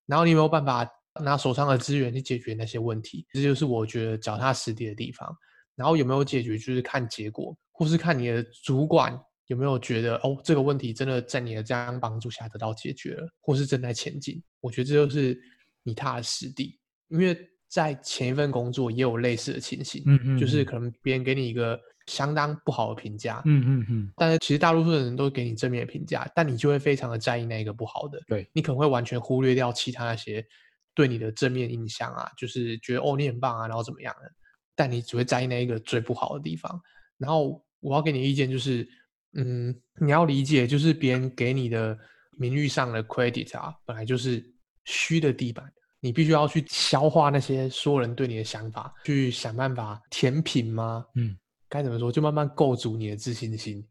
然後你有沒有辦法拿手上的資源去解決那些問題？這就是我覺得腳踏實地的地方。然後有沒有解決，就是看結果，或是看你的主管有沒有覺得哦，這個問題真的在你的這樣幫助下得到解決了，或是正在前進。我覺得這就是你踏實地，因為在前一份工作也有類似的情形，嗯，嗯嗯，就是可能別人給你一個相當不好的評價，嗯嗯嗯，但是其實大多數的人都給你正面的評價，但你就會非常的在意那一個不好的，對，你可能會完全忽略掉其他那些對你的正面印象啊，就是覺得哦，你很棒啊，然後怎麼樣的但你只會在意那一個最不好的地方，然後我要給你的意見就是，嗯，你要理解就是別人給你的名譽上的 credit 啊，本來就是虛的地板，你必須要去消化那些說人對你的想法，去想辦法填平嘛，嗯，該怎麼說就慢慢構築你的自信心，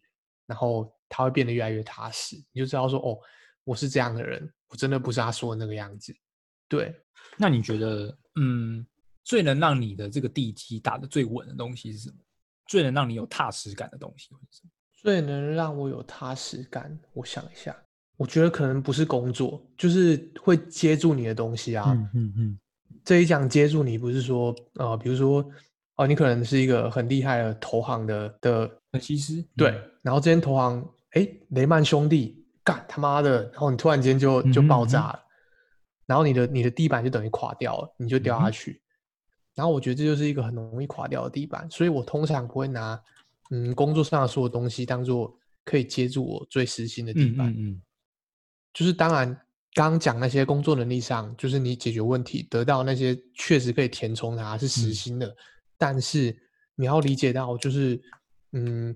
然後他會變得越來越踏實，你就知道說哦，我是這樣的人，我真的不是他說的那個樣子，對，那你覺得，嗯？最能讓你的這個地基打得最穩的東西是什麼？最能讓你有踏實感的東西是什麼？最能讓我有踏實感，我想一下，我覺得可能不是工作，就是會接住你的東西啊。嗯嗯、嗯。這一講接住你，不是說啊、呃，比如說哦、呃，你可能是一個很厲害的投行的的分析師，嗯、對。然後這間投行，誒、欸，雷曼兄弟幹他媽的，然後你突然間就就爆炸了，嗯嗯、然後你的你的地板就等於垮掉了，你就掉下去。嗯然後我覺得這就是一個很容易垮掉的地板，所以我通常不會拿，嗯，工作上的所有東西當做可以接住我最實心的地板。嗯，嗯，嗯，就是當然，剛講那些工作能力上，就是你解決問題得到那些確實可以填充它，是實心的。嗯，但是你要理解到，就是嗯，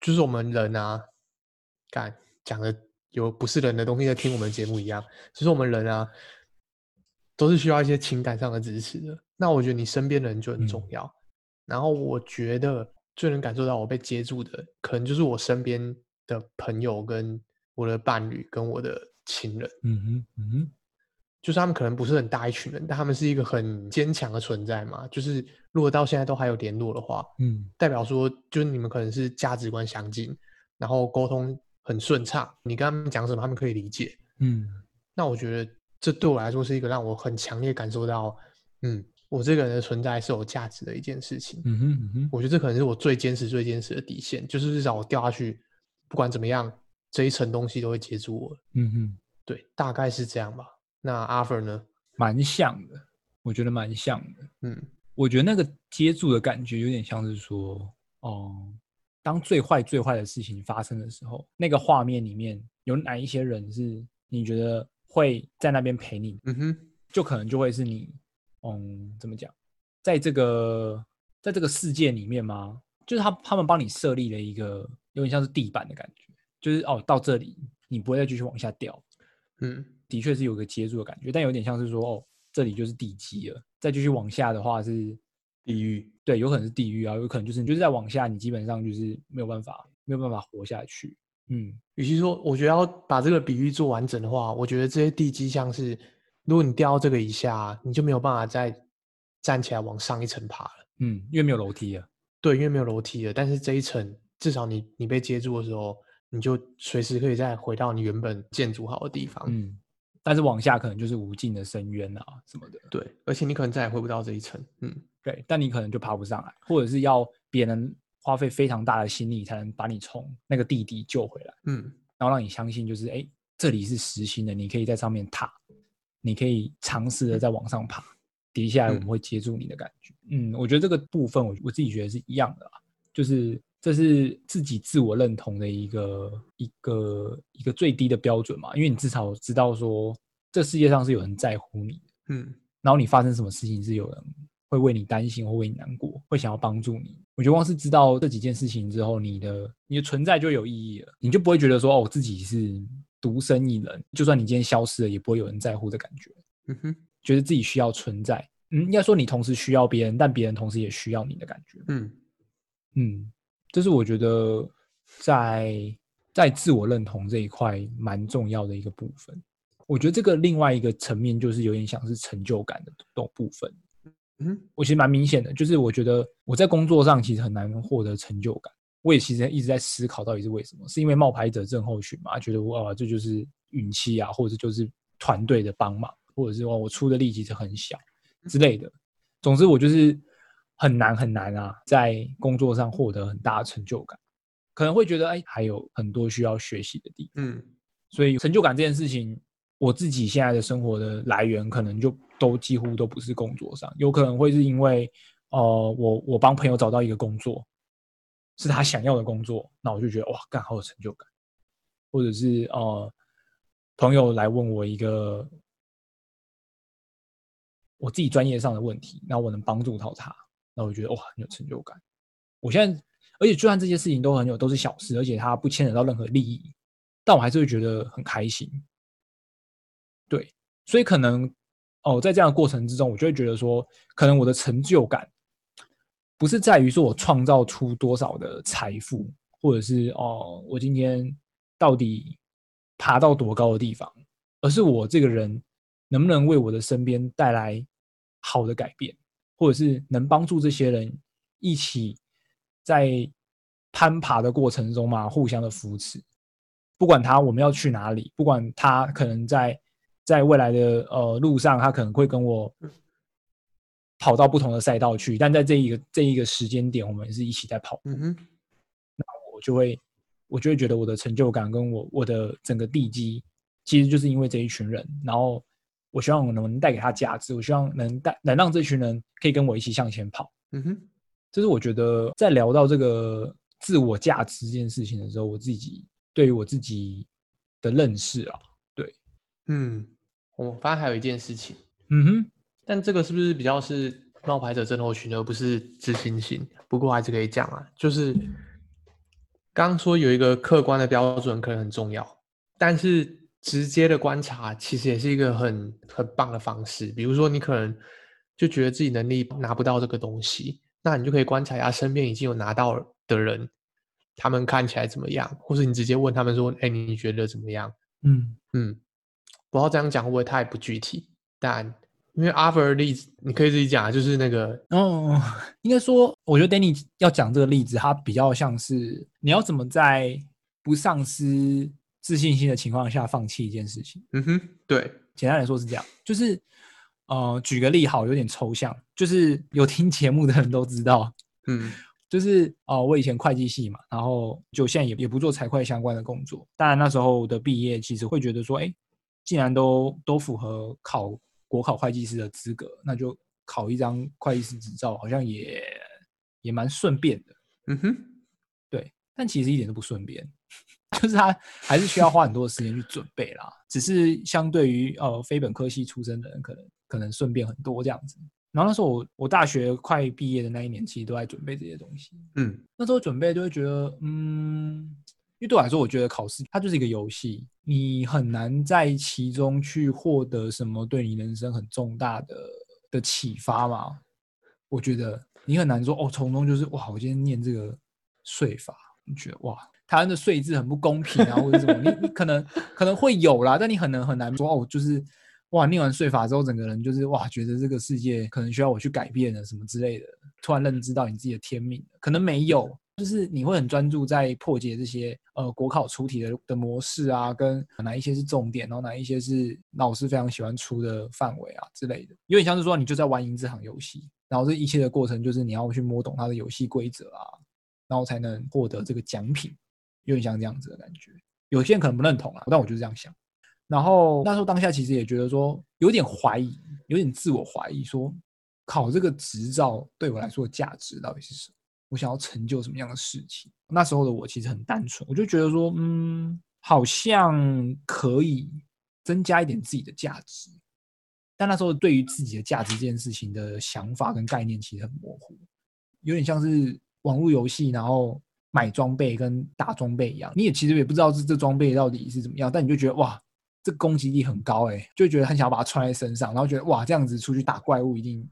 就是我們人啊，看講的有不是人的東西在聽我們節目一樣，就是我們人啊。都是需要一些情感上的支持的。那我覺得你身邊的人就很重要。嗯、然後我覺得最能感受到我被接住的，可能就是我身邊的朋友、跟我的伴侶、跟我的親人。嗯哼嗯哼，嗯哼就是他們可能不是很大一群人，但他們是一個很堅強的存在嘛。就是如果到現在都還有聯絡的話，嗯，代表說就是你們可能是價值觀相近，然後溝通很順暢。你跟他們講什麼，他們可以理解。嗯，那我覺得。這對我來說是一個讓我很強烈感受到，嗯，我這個人的存在是有價值的一件事情。嗯哼，嗯哼，我覺得這可能是我最堅持、最堅持的底線，就是至少我掉下去，不管怎麼樣，這一層東西都會接住我。嗯哼，對，大概是這樣吧。那阿芬呢？蠻像的，我覺得蠻像的。嗯，我覺得那個接住的感覺有點像是說，哦、嗯，當最壞、最壞的事情發生的時候，那個畫面裡面有哪一些人是你覺得？會在那邊陪你，嗯哼，就可能就會是你，嗯，怎麼講，在這個，在這個世界裡面嗎？就是他他們幫你設立了一個有點像是地板的感覺，就是哦，到這裡你不會再繼續往下掉，嗯，的確是有個接住的感覺，但有點像是說哦，這裡就是地基了，再繼續往下的話是地獄，嗯，對，有可能是地獄啊，有可能就是你就是在往下，你基本上就是沒有辦法，沒有辦法活下去。嗯，與其說我覺得要把這個比喻做完整的話，我覺得這些地基像是，如果你掉到這個以下，你就沒有辦法再站起來往上一層爬了。嗯，因為沒有樓梯了，對，因為沒有樓梯了。但是這一層至少你你被接住的時候，你就隨時可以再回到你原本建築好的地方。嗯，但是往下可能就是無盡的深淵啊什麼的。對，而且你可能再也回不到這一層。嗯，對。但你可能就爬不上來，或者是要別人。花費非常大的心力才能把你從那個地底救回來，嗯，然後讓你相信就是，哎，這裡是實心的，你可以在上面踏，你可以嘗試著再往上爬，跌下來我們會接住你的感覺。嗯，嗯，我覺得這個部分我我自己覺得是一樣的啦，就是這是自己自我認同的一個一個一個最低的標準嘛，因為你至少知道說這世界上是有人在乎你的，嗯，然後你發生什麼事情是有人，會為你擔心，會為你難過，會想要幫助你。我覺得光是知道這幾件事情之後，你的你的存在就有意義了，你就不會覺得說哦，我自己是獨身一人，就算你今天消失了，也不會有人在乎的感覺。嗯哼，覺得自己需要存在。嗯，應該說你同時需要別人，但別人同時也需要你的感覺。嗯嗯，這是我覺得在在自我認同這一塊蠻重要的一個部分。我覺得這個另外一個層面就是有點像是成就感的那種部分。嗯，我其實蠻明顯的，就是我覺得我在工作上其實很難獲得成就感，我也其實一直在思考到底是為什麼，是因為冒牌者症候群嘛？覺得哇、啊，這就是運氣啊，或者就是團隊的幫忙，或者是哇、啊，我出的力氣是很小之類的。總之，我就是很難很難啊，在工作上獲得很大的成就感，可能會覺得哎，還有很多需要學習的地方。嗯，所以成就感這件事情，我自己現在的生活的來源可能就。都幾乎都不是工作上，有可能會是因為，呃，我我幫朋友找到一個工作，是他想要的工作，那我就覺得哇，幹好有成就感，或者是哦、呃，朋友來問我一個我自己專業上的問題，那我能幫助到他，那我就覺得哇，很有成就感。我現在，而且就算這些事情都很有，都是小事，而且他不牽扯到任何利益，但我還是會覺得很開心。對，所以可能。哦，在這樣的過程之中，我就會覺得說，可能我的成就感，不是在於說我創造出多少的財富，或者是哦，我今天到底爬到多高的地方，而是我這個人能不能為我的身邊帶來好的改變，或者是能幫助這些人一起在攀爬的過程中嘛，互相的扶持。不管他，我們要去哪裡，不管他可能在。在未來的呃路上，他可能會跟我跑到不同的賽道去，但在這一個這一個時間點，我們是一起在跑。嗯哼，那我就會我就會覺得我的成就感跟我我的整個地基，其實就是因為這一群人。然後我希望我能帶給他價值，我希望能帶能讓這群人可以跟我一起向前跑。嗯哼，這是我覺得在聊到這個自我價值這件事情的時候，我自己對於我自己的認識啊。嗯，我發現還有一件事情，嗯哼，但這個是不是比較是冒牌者症候群的，而不是自信心？不過還是可以講啊，就是剛剛說有一個客觀的標準可能很重要，但是直接的觀察其實也是一個很很棒的方式。比如說你可能就覺得自己能力拿不到這個東西，那你就可以觀察一下身邊已經有拿到的人，他們看起來怎麼樣，或者你直接問他們說：“哎，你覺得怎麼樣？”嗯嗯。嗯不要這樣講，我也太不具體。但因為 after 例子，你可以自己講、啊、就是那個哦，oh，應該說，我覺得 Danny 要講這個例子，它比較像是你要怎麼在不喪失自信心的情況下放棄一件事情。嗯哼、mm，hmm，對，簡單來說是這樣，就是呃，舉個例好，有點抽象，就是有聽節目的人都知道，嗯、mm，hmm。就是哦、呃，我以前會計系嘛，然後就現在也也不做財會相關的工作，當然那時候的畢業其實會覺得說，誒、欸既然都都符合考國考會計師的資格，那就考一張會計師執照，好像也也蠻順便的。嗯哼，對，但其實一點都不順便，就是他還是需要花很多的時間去準備啦。 (laughs) 只是相對於呃非本科系出身的人可，可能可能順便很多這樣子。然後那時候我我大學快畢業的那一年，其實都在準備這些東西。嗯，那時候準備就會覺得嗯。因為對我來說，我覺得考試它就是一個遊戲，你很難在其中去獲得什麼對你人生很重大的的啟發嘛。我覺得你很難說哦，從中就是哇，我今天念這個稅法，你覺得哇，台灣的稅制很不公平啊，或者什麼？你你可能可能會有啦，但你可能很難說哦，就是哇，念完稅法之後，整個人就是哇，覺得這個世界可能需要我去改變了什麼之類的，突然認知到你自己的天命，可能沒有，就是你會很專注在破解這些。呃，國考出題的的模式啊，跟哪一些是重點，然後哪一些是老師非常喜歡出的範圍啊之類的，有點像是說你就在玩贏這場遊戲，然後這一切的過程就是你要去摸懂它的遊戲規則啊，然後才能獲得這個獎品，有點像這樣子的感覺。有些人可能不認同啊，但我就這樣想。然後那時候當下其實也覺得說有點懷疑，有點自我懷疑說，說考這個執照對我來說的價值到底是什麼？我想要成就什麼樣的事情？那時候的我其實很單純，我就覺得說，嗯，好像可以增加一點自己的價值。但那時候對於自己的價值這件事情的想法跟概念其實很模糊，有點像是網絡遊戲，然後買裝備跟打裝備一樣。你也其實也不知道這這裝備到底是怎麼樣，但你就覺得哇，這攻擊力很高欸，就覺得很想要把它穿在身上，然後覺得哇，這樣子出去打怪物一定。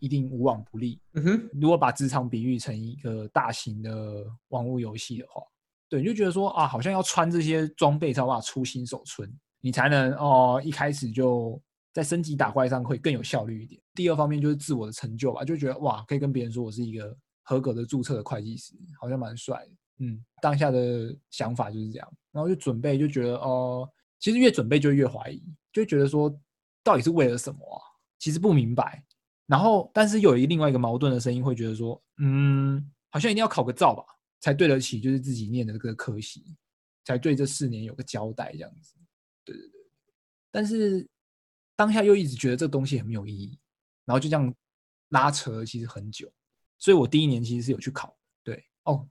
一定無往不利。嗯哼，如果把職場比喻成一個大型的網絡遊戲的話，對，你就覺得說啊，好像要穿這些裝備，才能夠出新手村，你才能哦、呃，一開始就在升級打怪上會更有效率一點。第二方面就是自我的成就吧，就覺得哇，可以跟別人說我是一個合格的註冊的會計師，好像蠻帥。嗯，當下的想法就是這樣。然後就準備，就覺得哦、呃，其實越準備就越懷疑，就覺得說到底是為了什麼啊？其實不明白。然後，但是有一另外一個矛盾的聲音，會覺得說，嗯，好像一定要考個照吧，才對得起就是自己念的這個科系，才對這四年有個交代這樣子。對對對，對。但是當下又一直覺得這東西很沒有意義，然後就這樣拉扯，其實很久。所以我第一年其實是有去考。對哦，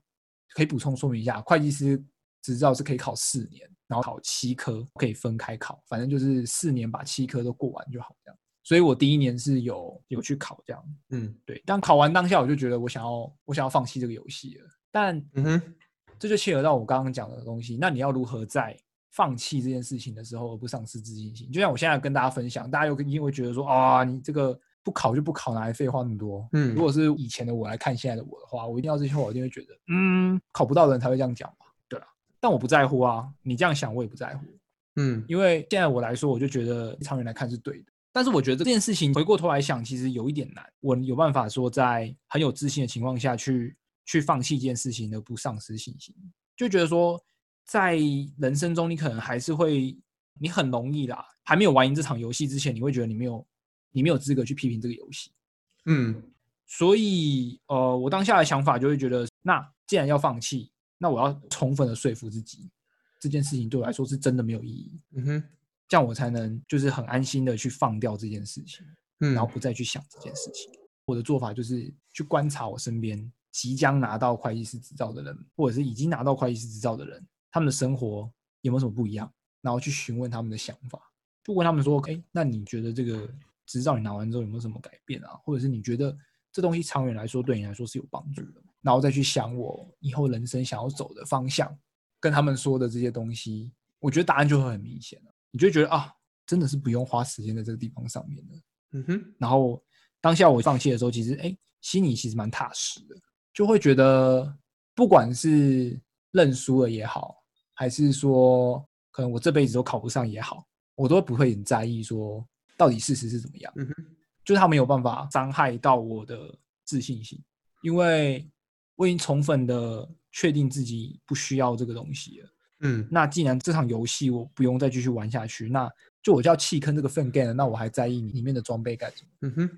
可以補充說明一下，會計師執照是可以考四年，然後考七科可以分開考，反正就是四年把七科都過完就好這樣。所以我第一年是有有去考這樣，嗯，對。但考完當下，我就覺得我想要我想要放棄這個遊戲了。但，嗯哼，這就切合到我剛剛講的東西。那你要如何在放棄這件事情的時候，而不喪失自信心？就像我現在跟大家分享，大家又一定會覺得說，啊，你這個不考就不考，哪來廢話那麼多？嗯，如果是以前的我來看現在的我的話，我一定要這些話，我一定會覺得，嗯，考不到的人才會這樣講嘛。對啊，但我不在乎啊，你這樣想我也不在乎。嗯，因為現在我來說，我就覺得長遠來看是對的。但是我覺得這件事情，回過頭來想，其實有一點難。我有辦法說，在很有自信的情況下去去放棄這件事情，而不喪失信心，就覺得說，在人生中，你可能還是會，你很容易啦。還沒有玩贏這場遊戲之前，你會覺得你沒有，你沒有資格去批評這個遊戲。嗯，所以呃，我當下的想法就會覺得，那既然要放棄，那我要充分的說服自己，這件事情對我來說是真的沒有意義。嗯哼。這樣我才能就是很安心的去放掉這件事情，嗯，然後不再去想這件事情。我的做法就是去觀察我身邊即將拿到會計師執照的人，或者是已經拿到會計師執照的人，他們的生活有沒有什麼不一樣，然後去詢問他們的想法，就問他們說：“哎，那你覺得這個執照你拿完之後有沒有什麼改變啊？或者是你覺得這東西長遠來說對你來說是有幫助的？”然後再去想我以後人生想要走的方向，跟他們說的這些東西，我覺得答案就會很明顯了啊。你就覺得啊，真的是不用花時間在這個地方上面了。嗯哼，然後當下我放棄的時候，其實誒，心裡其實蠻踏實的，就會覺得不管是認輸了也好，還是說可能我這輩子都考不上也好，我都不會很在意說到底事實是怎麼樣。嗯哼，就是他沒有辦法傷害到我的自信心，因為我已經充分的確定自己不需要這個東西了。嗯，那既然這場遊戲我不用再繼續玩下去，那就我就要棄坑這個 n game 了。那我還在意你裡面的裝備幹什麼？嗯哼，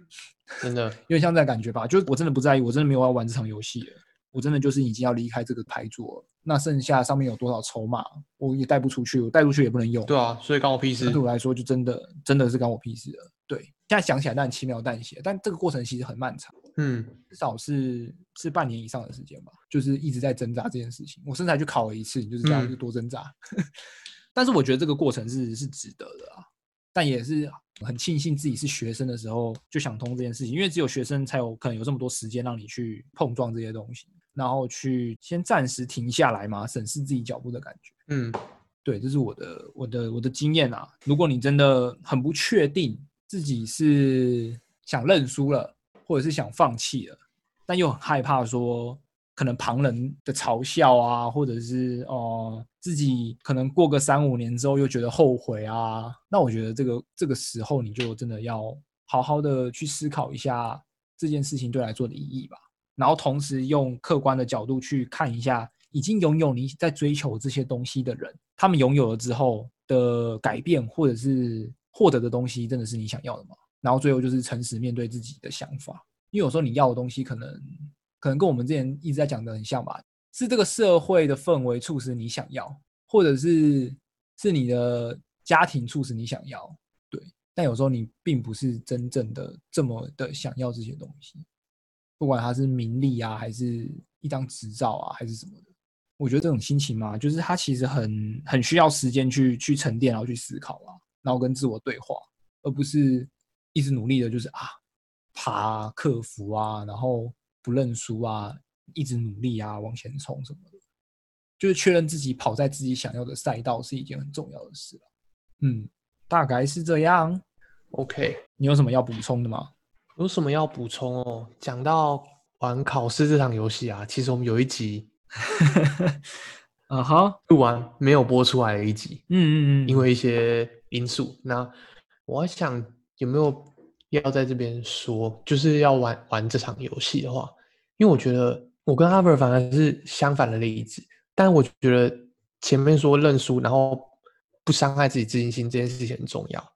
真的，因為 (laughs) 有點像這樣感覺吧，就是我真的不在意，我真的沒有要玩這場遊戲了，我真的就是已經要離開這個牌桌了。那剩下上面有多少籌碼，我也帶不出去，我帶出去也不能用。對啊，所以關我屁事。對我來說，就真的真的是關我屁事了。對。現在想起來，但很輕描淡寫，但這個過程其實很漫長，嗯，至少是是半年以上的時間吧，就是一直在掙扎這件事情。我甚至還去考了一次，你就是這樣就多掙扎。嗯、 (laughs) 但是我覺得這個過程是是值得的啊，但也是很慶幸自己是學生的時候就想通這件事情，因為只有學生才有可能有這麼多時間讓你去碰撞這些東西，然後去先暫時停下來嘛，審視自己腳步的感覺。嗯，對，這是我的我的我的經驗啊。如果你真的很不確定，自己是想認輸了，或者是想放棄了，但又很害怕說可能旁人的嘲笑啊，或者是哦、呃、自己可能過個三五年之後又覺得後悔啊。那我覺得這個這個時候你就真的要好好的去思考一下這件事情對來做的意義吧，然後同時用客觀的角度去看一下已經擁有你在追求這些東西的人，他們擁有了之後的改變或者是。獲得的東西真的是你想要的嗎？然後最後就是誠實面對自己的想法，因為有時候你要的東西可能可能跟我們之前一直在講的很像吧，是這個社會的氛圍促使你想要，或者是是你的家庭促使你想要，對。但有時候你並不是真正的這麼的想要這些東西，不管它是名利啊，還是一張執照啊，還是什麼的。我覺得這種心情嘛、啊，就是它其實很很需要時間去去沉澱，然後去思考啊。然後跟自我對話，而不是一直努力的，就是啊，爬、克服啊，然後不認輸啊，一直努力啊，往前衝什麼的，就是確認自己跑在自己想要的賽道是一件很重要的事啊。嗯，大概是這樣。OK，你有什麼要補充的嗎？有什麼要補充哦？講到玩考試這場遊戲啊，其實我們有一集，啊、 (laughs) uh，哈，錄完沒有播出來的一集。嗯嗯嗯，hmm. 因為一些。因素，那我想有沒有要在這邊說，就是要玩玩這場遊戲的話，因為我覺得我跟阿 v 反而是相反的例子，但我覺得前面說認輸，然後不傷害自己自信心這件事情很重要。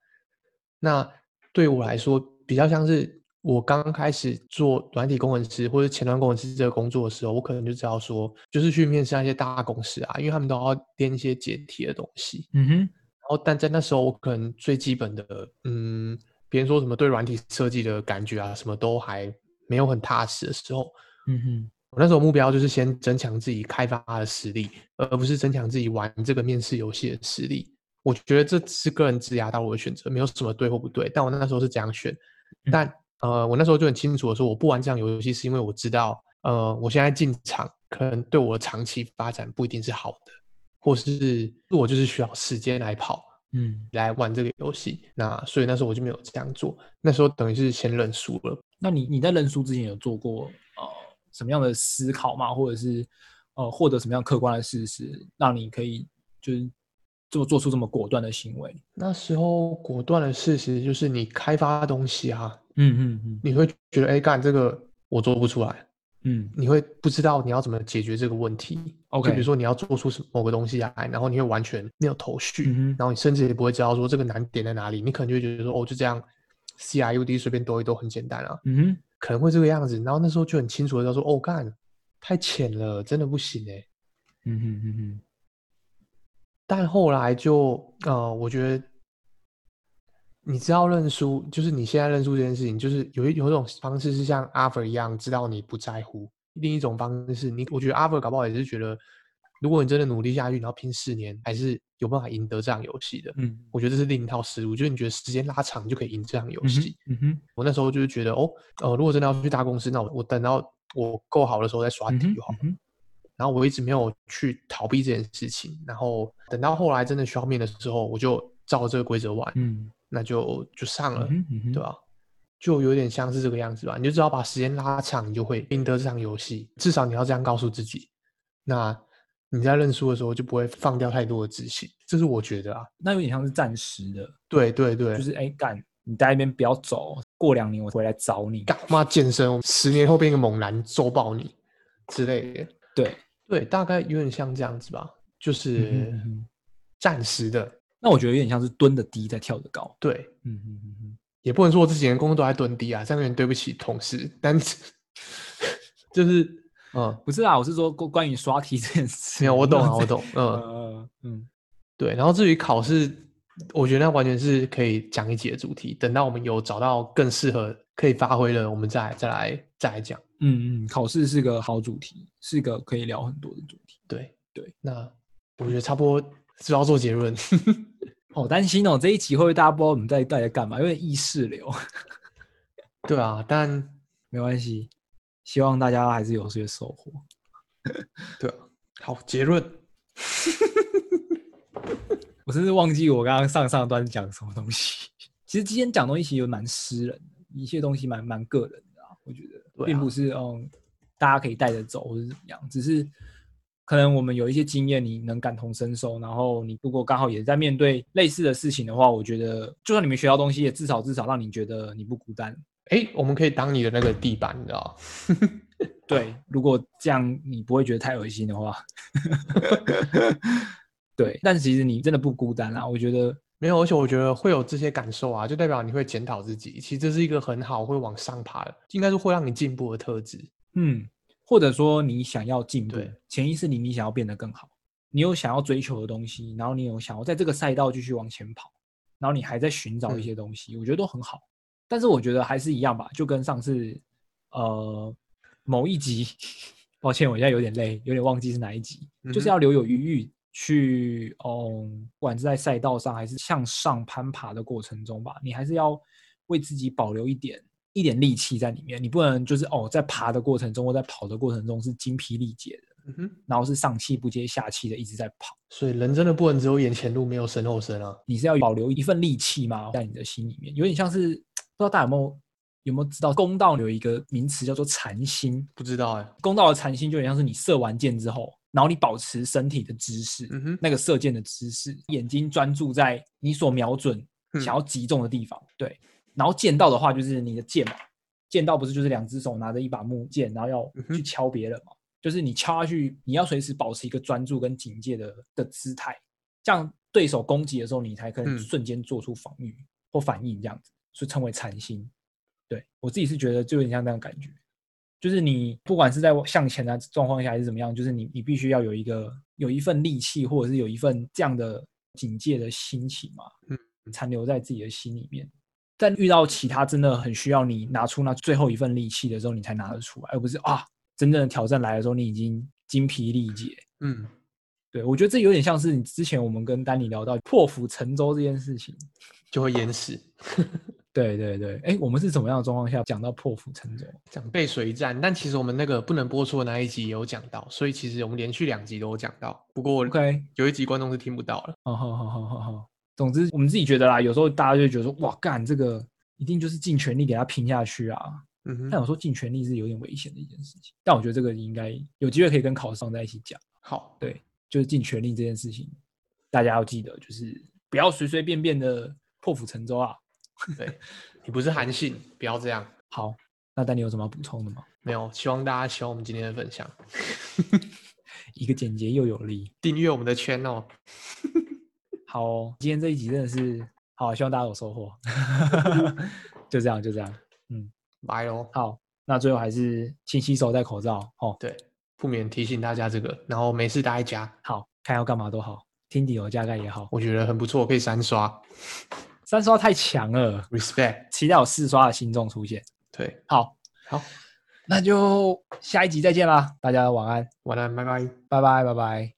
那對我來說，比較像是我剛開始做短體工程師或者前端工程師這個工作的時候，我可能就知道說，就是去面試那些大公司啊，因為他們都要編一些解題的東西。嗯哼。哦，但在那時候，我可能最基本的，嗯，別人說什麼對軟體設計的感覺啊，什麼都還沒有很踏實的時候，嗯哼，我那時候目標就是先增強自己開發的實力，而不是增強自己玩這個面試遊戲的實力。我覺得這是個人質押到我的選擇，沒有什麼對或不對。但我那時候是這樣選，但呃，我那時候就很清楚的說，我不玩這樣遊戲是因為我知道，呃，我現在進場可能對我的長期發展不一定是好的。或是我就是需要時間來跑，嗯，來玩這個遊戲。那所以那時候我就沒有這樣做。那時候等於是先認輸了。那你你在認輸之前有做過、呃、什麼樣的思考嗎？或者是、呃、獲得什麼樣客觀的事實，讓你可以就是這麼做出這麼果斷的行為？那時候果斷的事實就是你開發東西哈、啊，嗯嗯嗯，你會覺得哎幹，這個我做不出來。嗯，你會不知道你要怎麼解決這個問題。OK，比如說你要做出什某個東西來，然後你會完全沒有頭緒，嗯、哼然後你甚至也不會知道說這個難點在哪裡。你可能就會覺得說哦，就這樣，CRUD 隨便兜一兜很簡單啊。嗯哼，可能會這個樣子。然後那時候就很清楚的說哦，幹，太淺了，真的不行哎。嗯哼嗯哼，哼。但後來就呃，我覺得。你知道認輸，就是你現在認輸這件事情，就是有一有一種方式是像阿凡一樣，知道你不在乎；另一種方式是你，我覺得阿凡搞不好也是覺得，如果你真的努力下去，然後拼四年，還是有辦法贏得這場遊戲的。嗯，我覺得這是另一套思路，就是你覺得時間拉長就可以贏這場遊戲嗯。嗯哼，我那時候就是覺得，哦，呃，如果真的要去大公司，那我我等到我夠好的時候再刷題，好了，嗯。嗯、然後我一直沒有去逃避這件事情，然後等到後來真的需要面的時候，我就照這個規則玩。嗯。那就就上了，嗯嗯、對吧？就有點像是這個樣子吧。你就只要把時間拉長，你就會贏得這場遊戲。至少你要這樣告訴自己。那你在認輸的時候，就不會放掉太多的自信。這是我覺得啊，那有點像是暫時的。對對對，就是哎，幹、欸！你在那邊不要走，過兩年我回來找你。幹媽健身，十年後變一個猛男，揍爆你之類的。對對，大概有點像這樣子吧，就是暫、嗯嗯、時的。那我覺得有點像是蹲得低，再跳得高，對，嗯嗯嗯嗯，也不能說我這幾年工作都在蹲低啊，這樣有點對不起同事。但是 (laughs) 就是，嗯，不是啊，我是說關於刷題這件事。沒有，我懂啊， (laughs) 再我懂，嗯嗯嗯，對。然後至於考試，我覺得那完全是可以講一集的主題。等到我們有找到更適合可以發揮的，我們再來再來再來講。嗯嗯，考試是個好主題，是個可以聊很多的主題。對對，對，那我覺得差不多是要做結論。 (laughs) 哦，好擔心哦，這一集會不會大家不知道我們在帶着幹嘛？因為意識流。對啊，但沒關係，希望大家還是有些收穫。對啊，好，結論。 (laughs) (laughs) 我甚至忘記我剛剛上上段講什麼東西。其實今天講東西其實蠻私人的，一些東西蠻蠻個人的、啊，我覺得、啊、並不是嗯，大家可以帶着走或者怎麼樣，只是。可能我們有一些經驗，你能感同身受。然後你如果剛好也在面對類似的事情的話，我覺得就算你沒學到東西，也至少至少讓你覺得你不孤單。哎、欸，我們可以當你的那個地板，你知道？ (laughs) (laughs) 對，如果這樣你不會覺得太惡心的話。 (laughs) (laughs) (laughs) 對，但其實你真的不孤單啊，我覺得沒有，而且我覺得會有這些感受啊，就代表你會檢討自己。其實這是一個很好會往上爬的，應該是會讓你進步的特質。嗯。或者說你想要進步，對潛意識裡你想要變得更好，你有想要追求的東西，然後你有想要在這個賽道繼續往前跑，然後你還在尋找一些東西，嗯、我覺得都很好。但是我覺得還是一樣吧，就跟上次，呃，某一集，抱歉，我現在有點累，有點忘記是哪一集，嗯、哼就是要留有餘裕去，嗯、哦，不管是在賽道上還是向上攀爬的過程中吧，你還是要為自己保留一點。一點力氣在裡面，你不能就是哦，在爬的過程中或在跑的過程中是精疲力竭的，嗯、哼然後是上氣不接下氣的一直在跑。所以人真的不能只有眼前路，沒有身後身啊！你是要保留一份力氣嗎？在你的心裡面，有點像是不知道大家有沒有有沒有知道，弓道有一個名詞叫做禪心，不知道哎、欸。弓道的禪心就有點像是你射完箭之後，然後你保持身體的姿勢，嗯、哼那個射箭的姿勢，眼睛專注在你所瞄準想要擊中的地方，嗯、對。然後劍道的話，就是你的劍嘛，劍道不是就是兩隻手拿着一把木劍，然後要去敲別人嘛，嗯、哼就是你敲下去，你要隨時保持一個專注跟警戒的的姿態，這樣對手攻擊的時候，你才可能瞬間做出防禦或反應這樣子，嗯、所以稱為殘心。對我自己是覺得就有點像這樣的感覺，就是你不管是在向前的狀況下還是怎麼樣，就是你你必須要有一個有一份力氣，或者是有一份這樣的警戒的心情嘛，嗯，殘留在自己的心裡面。但遇到其他真的很需要你拿出那最後一份力氣的時候，你才拿得出來，而不是啊，真正的挑戰來的時候，你已經精疲力竭。嗯，對，我覺得這有點像是你之前我們跟丹尼聊到破釜沉舟這件事情，就會淹死。 (laughs) 對對對，哎、欸，我們是怎麼樣的狀況下講到破釜沉舟，講背水一戰，但其實我們那個不能播出的那一集有講到，所以其實我們連續兩集都有講到。不過，OK，有一集觀眾是聽不到了。哦。好好好好好。總之，我們自己覺得啦，有時候大家就會覺得說，哇，幹這個一定就是盡全力給他拼下去啊。嗯、哼但有時候盡全力是有點危險的一件事情。但我覺得這個應該有機會可以跟考生在一起講。好，對，就是盡全力這件事情，大家要記得，就是不要隨隨便便的破釜沉舟啊。 (laughs) 對，你不是韓信，不要這樣。好，那丹尼有什麼要補充的嗎？沒有，希望大家喜歡我們今天的分享。 (laughs) 一個簡潔又有力。訂閱我們的圈哦。 (laughs) 好、哦，今天這一集真的是好，希望大家有收穫。 (laughs) 就這樣，就這樣，嗯，拜嘍。好，那最後還是勤洗手、戴口罩哦。對，不免提醒大家這個。然後沒事待家好看要幹嘛都好，聽頂樓加蓋也好，我覺得很不錯，可以三刷。三刷太強了，respect！期待有四刷的信眾出現。對，好，好，那就下一集再見啦，大家晚安，晚安，拜拜，拜拜，拜拜。